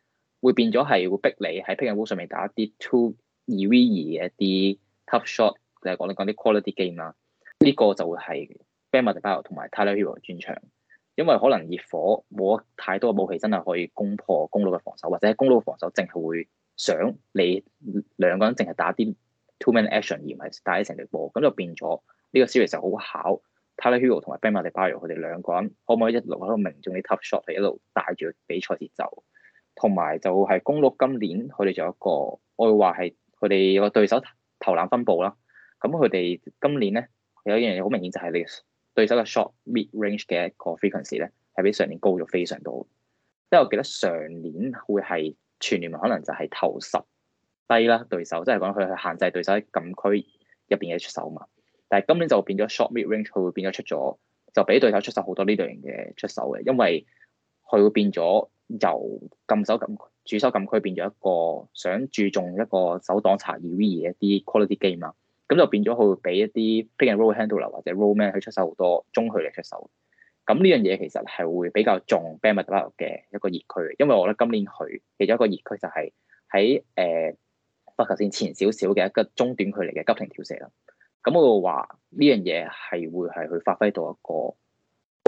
會變咗係會逼你喺 PingA 劈人波上面打一啲 two 二 v 二嘅一啲 tough shot，就係講你講啲 quality game 啦。呢個就會係 Bam Adebayo 同埋 Tyler Herro 嘅專長。因為可能熱火冇太多武器，真係可以攻破公鹿嘅防守，或者公鹿防守淨係會想你兩個人淨係打啲 two man action，而唔係打起成隊波，咁就變咗呢個 series 就好考 Tyler Herro 同埋 Bam Adebayo 佢哋兩個人可唔可以一路喺度命中啲 tough shot，係一路帶住比賽節奏，同埋就係公鹿今年佢哋仲有一個我會話係佢哋有個對手投籃分佈啦，咁佢哋今年咧有一樣嘢好明顯就係你。對手嘅 short mid range 嘅一個 frequency 咧，係比上年高咗非常多。因為我記得上年會係全聯盟可能就係頭十低啦，對手即係講佢去限制對手喺禁區入邊嘅出手嘛。但係今年就變咗 short mid range，佢會變咗出咗，就俾對手出手好多呢類型嘅出手嘅，因為佢會變咗由禁手禁主手禁區變咗一個想注重一個手擋查 2v2 嘅一啲 quality game 啊。咁就變咗佢會俾一啲 pick and roll handler 或者 roll man 去出手好多中距離出手，咁呢樣嘢其實係會比較重 Bam Adebayo 嘅一個熱區，因為我覺得今年佢其中一個熱區就係喺誒發球線前少少嘅一個中短距離嘅急停跳射啦。咁我會話呢樣嘢係會係去發揮到一個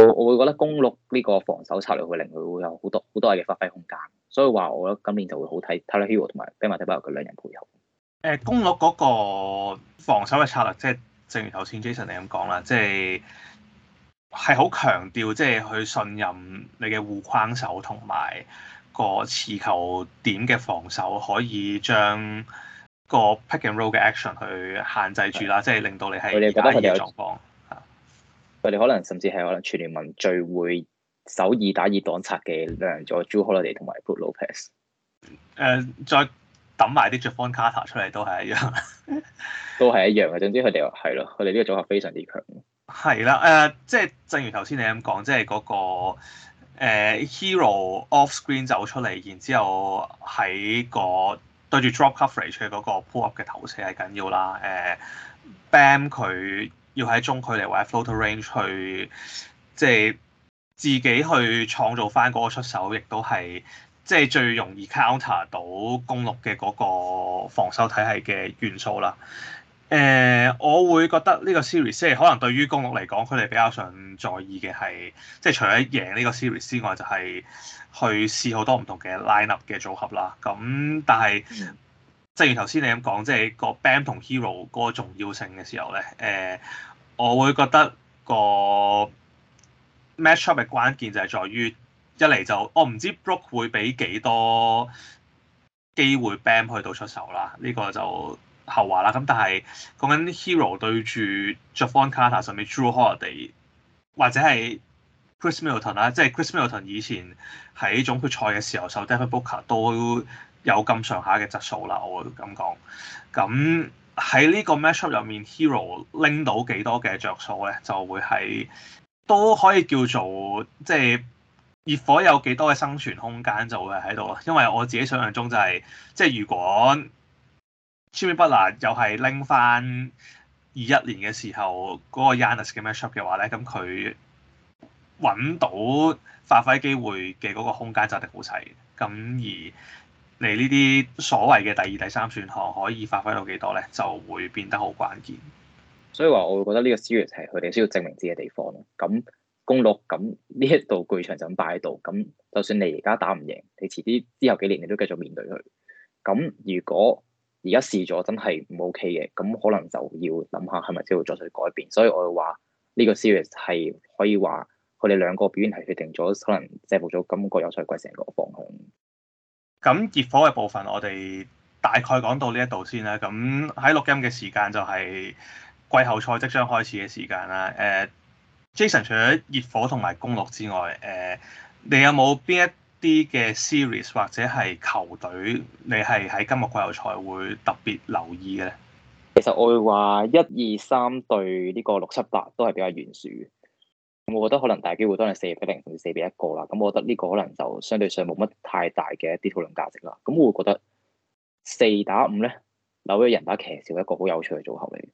我我會覺得公鹿呢個防守策略會令佢會有好多好多嘅發揮空間，所以話我覺得今年就會好睇 Tyler Herro 同埋 Bam Adebayo 嘅兩人配合。誒，公鹿嗰個防守嘅策略，即係正如頭先 Jason 你咁講啦，即係係好強調，即係去信任你嘅護框手同埋個持球點嘅防守，可以將個 pick and roll 嘅 action 去限制住啦，嗯、即係令到你係。我哋覺得佢哋狀況吓，佢哋、嗯、可能甚至係可能全聯盟最會守二打二擋拆嘅兩組 Jrue Holiday 同埋 Brook Lopez。誒、呃，再。抌埋啲 Javon Carter 出嚟都係一樣， 都係一樣嘅。總之佢哋係咯，佢哋呢個組合非常之強。係啦，誒、呃，即係正如頭先你咁講，即係嗰、嗰個、呃、Hero off screen 走出嚟，然之後喺、嗰個對住 Drop Coverage 嗰個 pull up 嘅投射係緊要啦。誒、呃，Bam 佢要喺中距離或者 float range 去，即係自己去創造翻嗰個出手，亦都係。即係最容易 counter 到公鹿嘅嗰個防守體系嘅元素啦。誒、呃，我會覺得呢個 series 即係可能對於公鹿嚟講，佢哋比較上在意嘅係，即係除咗贏呢個 series 之外就，就係去試好多唔同嘅 lineup 嘅組合啦。咁但係，正如頭先你咁講，即係個 Bam 同 Herro 嗰個重要性嘅時候咧，誒、呃，我會覺得個 matchup 嘅關鍵就係在於。一嚟就我唔知 Brook 會俾幾多機會 Bam 去到出手啦，呢、呢個就後話啦。咁但係講緊 Herro 對住 Jevon Carter 上面 Jrue Holiday 或者係 Khris Middleton 啦、啊，即係 Khris Middleton 以前喺總決賽嘅時候，受 Devin Booker 都有咁上下嘅質素啦。我會咁講。咁喺呢個 matchup 入面，Herro 拎到幾多嘅着數咧，就會係都可以叫做即係。熱火有幾多嘅生存空間就會喺度，因為我自己想象中就係、是，即係如果 Jimmy Butler 又係拎翻二一年嘅時候嗰、那個 Yanis 嘅 matchup 嘅話咧，咁佢揾到發揮機會嘅嗰個空間就得好細，咁而嚟呢啲所謂嘅第二、第三選項可以發揮到幾多咧，就會變得好關鍵。所以話我會覺得呢個 series 係佢哋需要證明自己嘅地方咯，咁。公鹿咁呢一度巨場就咁擺喺度，咁就算你而家打唔贏，你遲啲之後幾年你都繼續面對佢。咁如果而家試咗真係唔 OK 嘅，咁可能就要諗下係咪需要作出改變。所以我話呢、呢個 series 係可以話佢哋兩個表演係決定咗可能制服咗今個休賽季成個方向。咁熱火嘅部分我哋大概講到呢一度先啦。咁喺錄音嘅時間就係季後賽即將開始嘅時間啦。誒、uh。Jason 除咗熱火同埋公鹿之外，誒、呃，你有冇邊一啲嘅 series 或者係球隊，你係喺今日季後賽會特別留意嘅咧？其實我會話一二三對呢個六七八都係比較懸殊嘅，我覺得可能大機會都係四比零同四比一個啦。咁我覺得呢個可能就相對上冇乜太大嘅一啲討論價值啦。咁我會覺得四打五咧，紐約人打騎士係一個好有趣嘅組合嚟，嘅，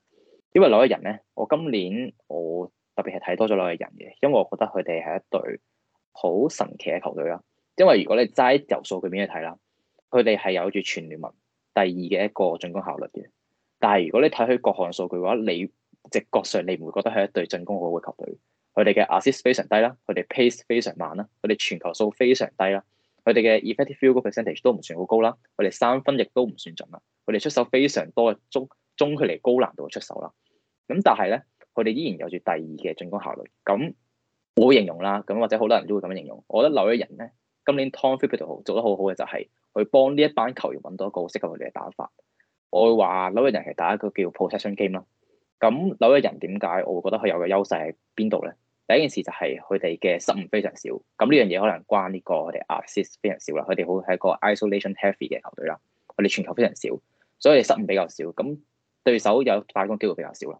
因為紐約人咧，我今年我。特別係睇多咗兩個人嘅，因為我覺得佢哋係一隊好神奇嘅球隊啦。因為如果你齋由數據面去睇啦，佢哋係有住全聯盟第二嘅一個進攻效率嘅。但係如果你睇佢各項數據嘅話，你直覺上你唔會覺得係一隊進攻好嘅球隊？佢哋嘅 assist 非常低啦，佢哋 pace 非常慢啦，佢哋傳球數非常低啦，佢哋嘅 effective field goal percentage 都唔算好高啦，佢哋三分亦都唔算準啦，佢哋出手非常多嘅中中距離高難度嘅出手啦。咁但係咧？佢哋依然有住第二嘅進攻效率，咁我會形容啦，咁或者好多人都會咁樣形容。我覺得紐約人咧今年 Tom Thibodeau 做得好好嘅就係、是，佢幫呢一班球員揾到一個好適合佢哋嘅打法。我會話紐約人係打一個叫 possession game 咯。咁紐約人點解我會覺得佢有個優勢喺邊度咧？第一件事就係佢哋嘅失誤非常少，咁呢樣嘢可能關呢、這個我哋 assist 非常少啦。佢哋好係一個 isolation heavy 嘅球隊啦，我哋傳球非常少，所以失誤比較少，咁對手有反攻機會比較少啦。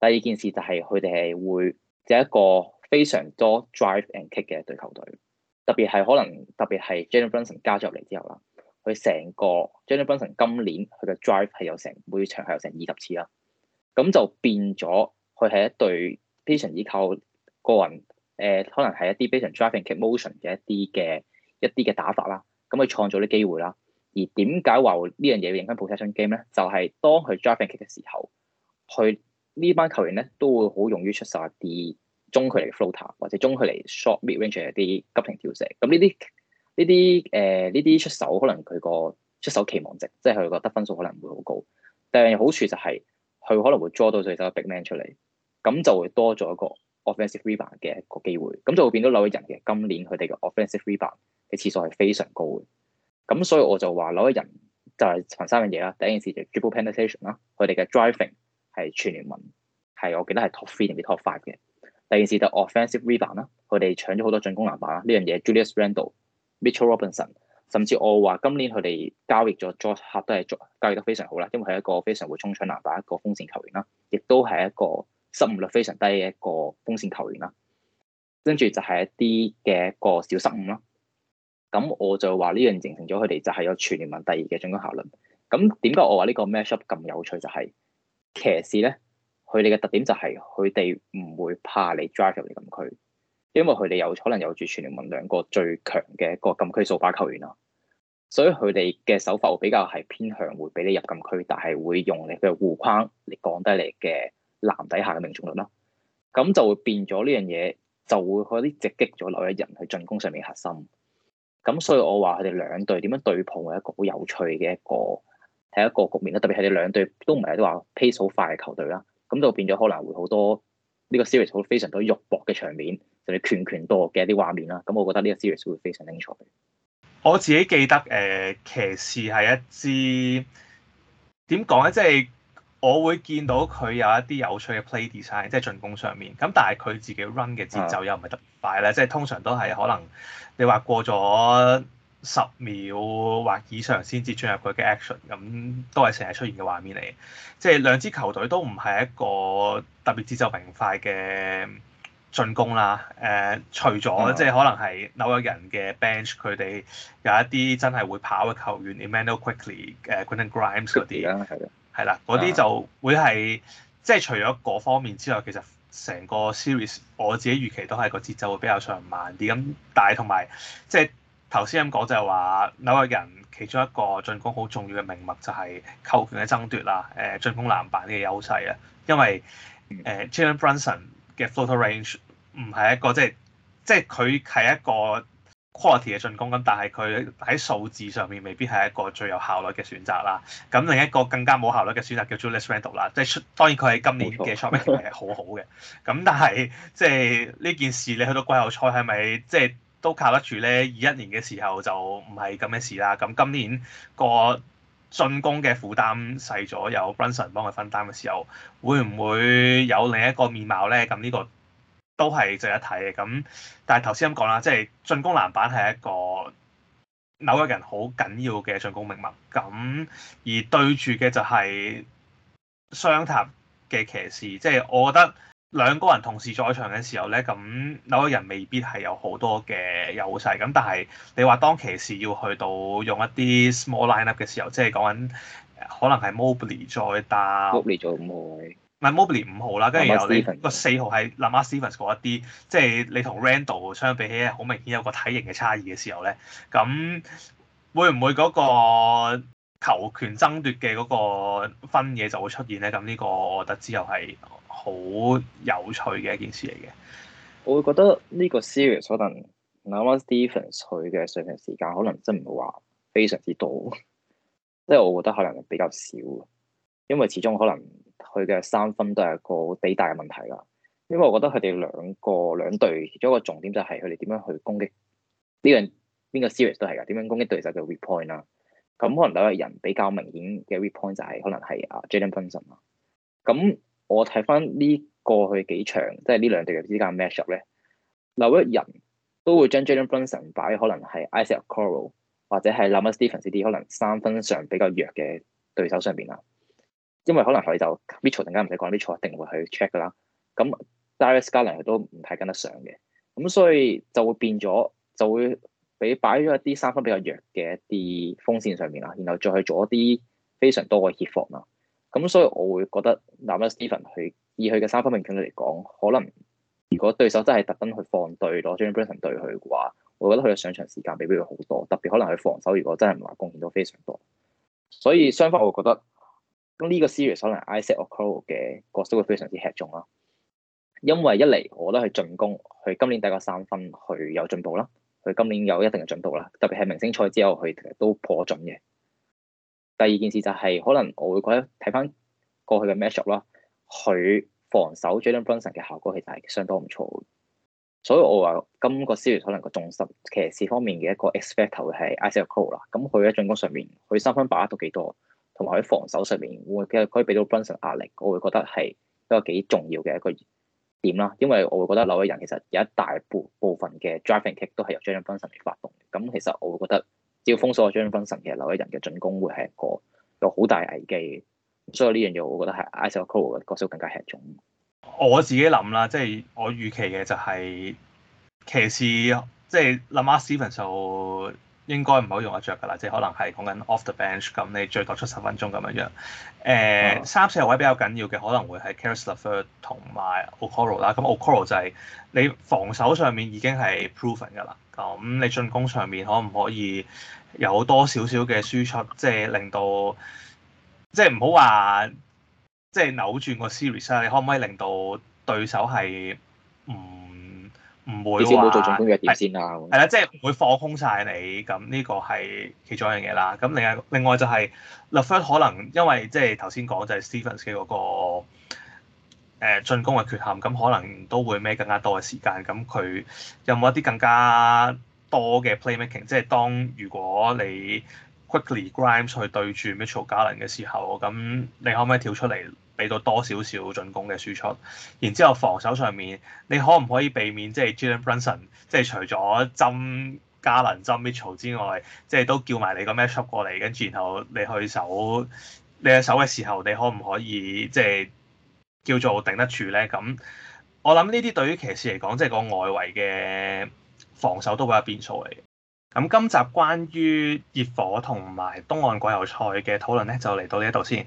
第二件事就係佢哋係會有一個非常多 drive and kick 嘅一隊球隊，特別係可能特別係 Jalen Brunson 加咗入嚟之後啦，佢成個 Jalen Brunson 今年佢嘅 drive 係有成每場係有成二十次啦，咁就變咗佢係一隊非常依靠個人誒，可能係一啲非常 drive and kick motion 嘅一啲嘅一啲嘅打法啦，咁去創造啲機會啦。而點解話呢樣嘢影響 possession game 咧？就係、是、當佢 drive and kick 嘅時候，去。呢班球員咧都會好容易出晒啲中距離 floater 或者中距離 short mid range 嘅啲急停跳射。咁呢啲呢啲誒呢啲出手，可能佢個出手期望值，即係佢個得分數可能唔會好高。但係好處就係、是、佢可能會抓到對手嘅 big man 出嚟，咁就會多咗一個 offensive rebound 嘅一個機會。咁就會變到紐約人嘅今年佢哋嘅 offensive rebound 嘅次數係非常高嘅。咁所以我就話紐約人就係、是、憑三樣嘢啦。第一件事就係 dribble penetration 啦，佢哋嘅 driving。係全聯盟係，我記得係 top three 定 top five 嘅。第二件事就 offensive rebound 啦，佢哋搶咗好多進攻籃板啦。呢樣嘢 Julius Randle、Mitchell Robinson，甚至我話今年佢哋交易咗 Josh Hart 都係交易得非常好啦，因為係一個非常會衝搶籃板一個鋒線球員啦，亦都係一個失誤率非常低嘅一個鋒線球員啦。跟住就係一啲嘅一個小失誤啦。咁我就話呢樣形成咗佢哋就係有全聯盟第二嘅進攻效率。咁點解我話呢個 matchup 咁有趣就係、是，騎士咧，佢哋嘅特點就係佢哋唔會怕你 drive 入嚟禁區，因為佢哋有可能有住全聯盟兩個最強嘅一個禁區掃把球員啦，所以佢哋嘅手法比較係偏向會俾你入禁區，但係會用你嘅護框嚟降低你嘅籃底下嘅命中率啦，咁就會變咗呢樣嘢就會有啲直擊咗紐約人去進攻上面核心，咁所以我話佢哋兩隊點樣對碰係一個好有趣嘅一個。係一個局面啦，特別係你兩隊都唔係話 pace 好快嘅球隊啦，咁就變咗可能會好多呢、這個 series 好非常多肉搏嘅場面，就係拳拳多嘅一啲畫面啦。咁我覺得呢個 series 會非常精彩。我自己記得誒、呃，騎士係一支點講咧？即係、就是、我會見到佢有一啲有趣嘅 play design，即係進攻上面。咁但係佢自己 run 嘅節奏又唔係特別快咧，即係、啊、通常都係可能你話過咗，十秒或以上先至進入佢嘅 action，咁、嗯、都係成日出現嘅畫面嚟。即係兩支球隊都唔係一個特別節奏明快嘅進攻啦。誒、呃，除咗、嗯、哼即係可能係紐約人嘅 bench，佢哋有一啲真係會跑嘅球員 Immanuel Quickley，Quentin、uh, Grimes 嗰啲、嗯哼。係啊，啦，嗰啲就會係即係除咗嗰方面之外，其實成個 series 我自己預期都係個節奏會比較上慢啲。咁但係同埋即係。頭先咁講就係話紐約人其中一個進攻好重要嘅命脈就係球權嘅爭奪啦，誒進攻籃板嘅優勢啊，因為誒 Jalen Brunson 嘅 floor range 唔係一個即係即係佢係一個 quality 嘅進攻咁，但係佢喺數字上面未必係一個最有效率嘅選擇啦。咁另一個更加冇效率嘅選擇叫 Julius Randle 啦，即係當然佢喺今年嘅 showing 係好好嘅，咁但係即係呢件事你去到季後賽係咪即係？是都靠得住咧。二一年嘅時候就唔係咁嘅事啦。咁今年個進攻嘅負擔細咗，有 Brunson 幫佢分擔嘅時候，會唔會有另一個面貌咧？咁呢個都係值得一睇嘅。咁但係頭先咁講啦，即係進攻籃板係一個紐約人好緊要嘅進攻命脈。咁而對住嘅就係雙塔嘅騎士，即係我覺得。兩個人同時在場嘅時候咧，咁某個人未必係有好多嘅優勢。咁但係你話當騎士要去到用一啲 small lineup 嘅時候，即係講緊可能係 Mobley 再打 Mobley 做五號，唔係 Mobley 五號啦。跟住然後你個 Lamar 四號係 Lamar Stevens 嗰一啲，即係你同 Randall 相比起好明顯有個體型嘅差異嘅時候咧，咁會唔會嗰個球權爭奪嘅嗰個分嘢就會出現咧？咁呢個我覺得之後係。好有趣嘅一件事嚟嘅，我會覺得呢個 series 可能拉翻 Stephen s 佢嘅上場時間可能真唔會話非常之多，即 係我覺得可能比較少，因為始終可能佢嘅三分都係一個比較大嘅問題啦。因為我覺得佢哋兩個兩隊其中一個重點就係佢哋點樣去攻擊呢樣邊個 series 都係噶，點樣攻擊對手嘅 weak point 啦。咁、啊、可能兩個人比較明顯嘅 weak point 就係可能係阿 Jaden Brunson 啦，咁。我睇翻呢過去幾場，即係呢兩隊嘅之間 matchup 咧，紐約人都會將 Jalen Brunson 擺可能係 Isaac Okoro 或者係 Lamar Stevens 啲可能三分上比較弱嘅對手上邊啊，因為可能佢就 Mitchell 陣間唔使講啲錯，Mitchell 一定會去 check 噶啦。咁 Darius Garland 佢都唔太跟得上嘅，咁所以就會變咗就會俾擺咗一啲三分比較弱嘅一啲鋒線上面啊，然後再去做一啲非常多嘅協防啊。咁、嗯、所以我會覺得 Lamar Stevens 佢以佢嘅三分命中率嚟講，可能如果對手真係特登去放對攞 Jalen Brunson 對佢嘅話，我覺得佢嘅上場時間未必會好多，特別可能佢防守如果真係唔話貢獻到非常多，所以雙方我覺得咁呢個 series 可能 Isaac Okoro 嘅角色會非常之吃重啦，因為一嚟我覺得佢進攻佢今年大概三分佢有進步啦，佢今年有一定嘅進步啦，特別係明星賽之後佢都破咗準嘅。第二件事就係、是、可能我會覺得睇翻過去嘅 matchup 啦，佢防守 Jalen Brunson 嘅效果其實係相當唔錯，所以我話今個 series 可能個重心騎士方面嘅一個 expect 頭係 Isaac Okoro 啦，咁佢喺進攻上面佢三分把握到幾多，同埋喺防守上面會嘅可以俾到 Brunson 壓力，我會覺得係一個幾重要嘅一個點啦。因為我會覺得紐約人其實有一大部部分嘅 driving kick 都係由 Jalen Brunson 嚟發動，咁其實我會覺得。只要封鎖張分神，其實紐約人嘅進攻會係一個有好大危機，所以呢樣嘢我覺得係 Isaac Cole 嘅角色更加吃重。我自己諗啦，即係我預期嘅就係騎士即係諗下 Stephen 就。 應該唔好用得着㗎啦，即係可能係講緊 off the bench，咁你最多出十分鐘咁樣樣。誒、欸，嗯、三四位比較緊要嘅，可能會係 Caris LeVert 同埋 Okoro 啦。咁 Okoro 就係你防守上面已經係 proven 㗎啦。咁你進攻上面可唔可以有多少少嘅輸出，即、就、係、是、令到即係唔好話即係扭轉個 series 啦、啊。你可唔可以令到對手係唔？唔會話係啦，即係唔會放空晒你，咁呢個係其中一樣嘢啦。咁另外另外就係 LeVert 可能因為即係頭先講就係 Stevens 嘅嗰個誒進攻嘅缺陷，咁可能都會孭更加多嘅時間。咁佢有冇一啲更加多嘅 playmaking？即係當如果你 quickly Grimes 去對住 Mitchell Garland 嘅時候，咁你可唔可以跳出嚟？俾到多少少進攻嘅輸出，然之後防守上面，你可唔可以避免，即係 Jalen Brunson，即係除咗針加能針 Mitchell 之外，即係都叫埋你個 matchup 過嚟，跟住然後你去守你去守嘅時候，你可唔可以即係叫做頂得住咧？咁我諗呢啲對於騎士嚟講，即係個外圍嘅防守都會有變數嚟嘅。咁今集關於熱火同埋東岸季後賽嘅討論咧，就嚟到呢一度先。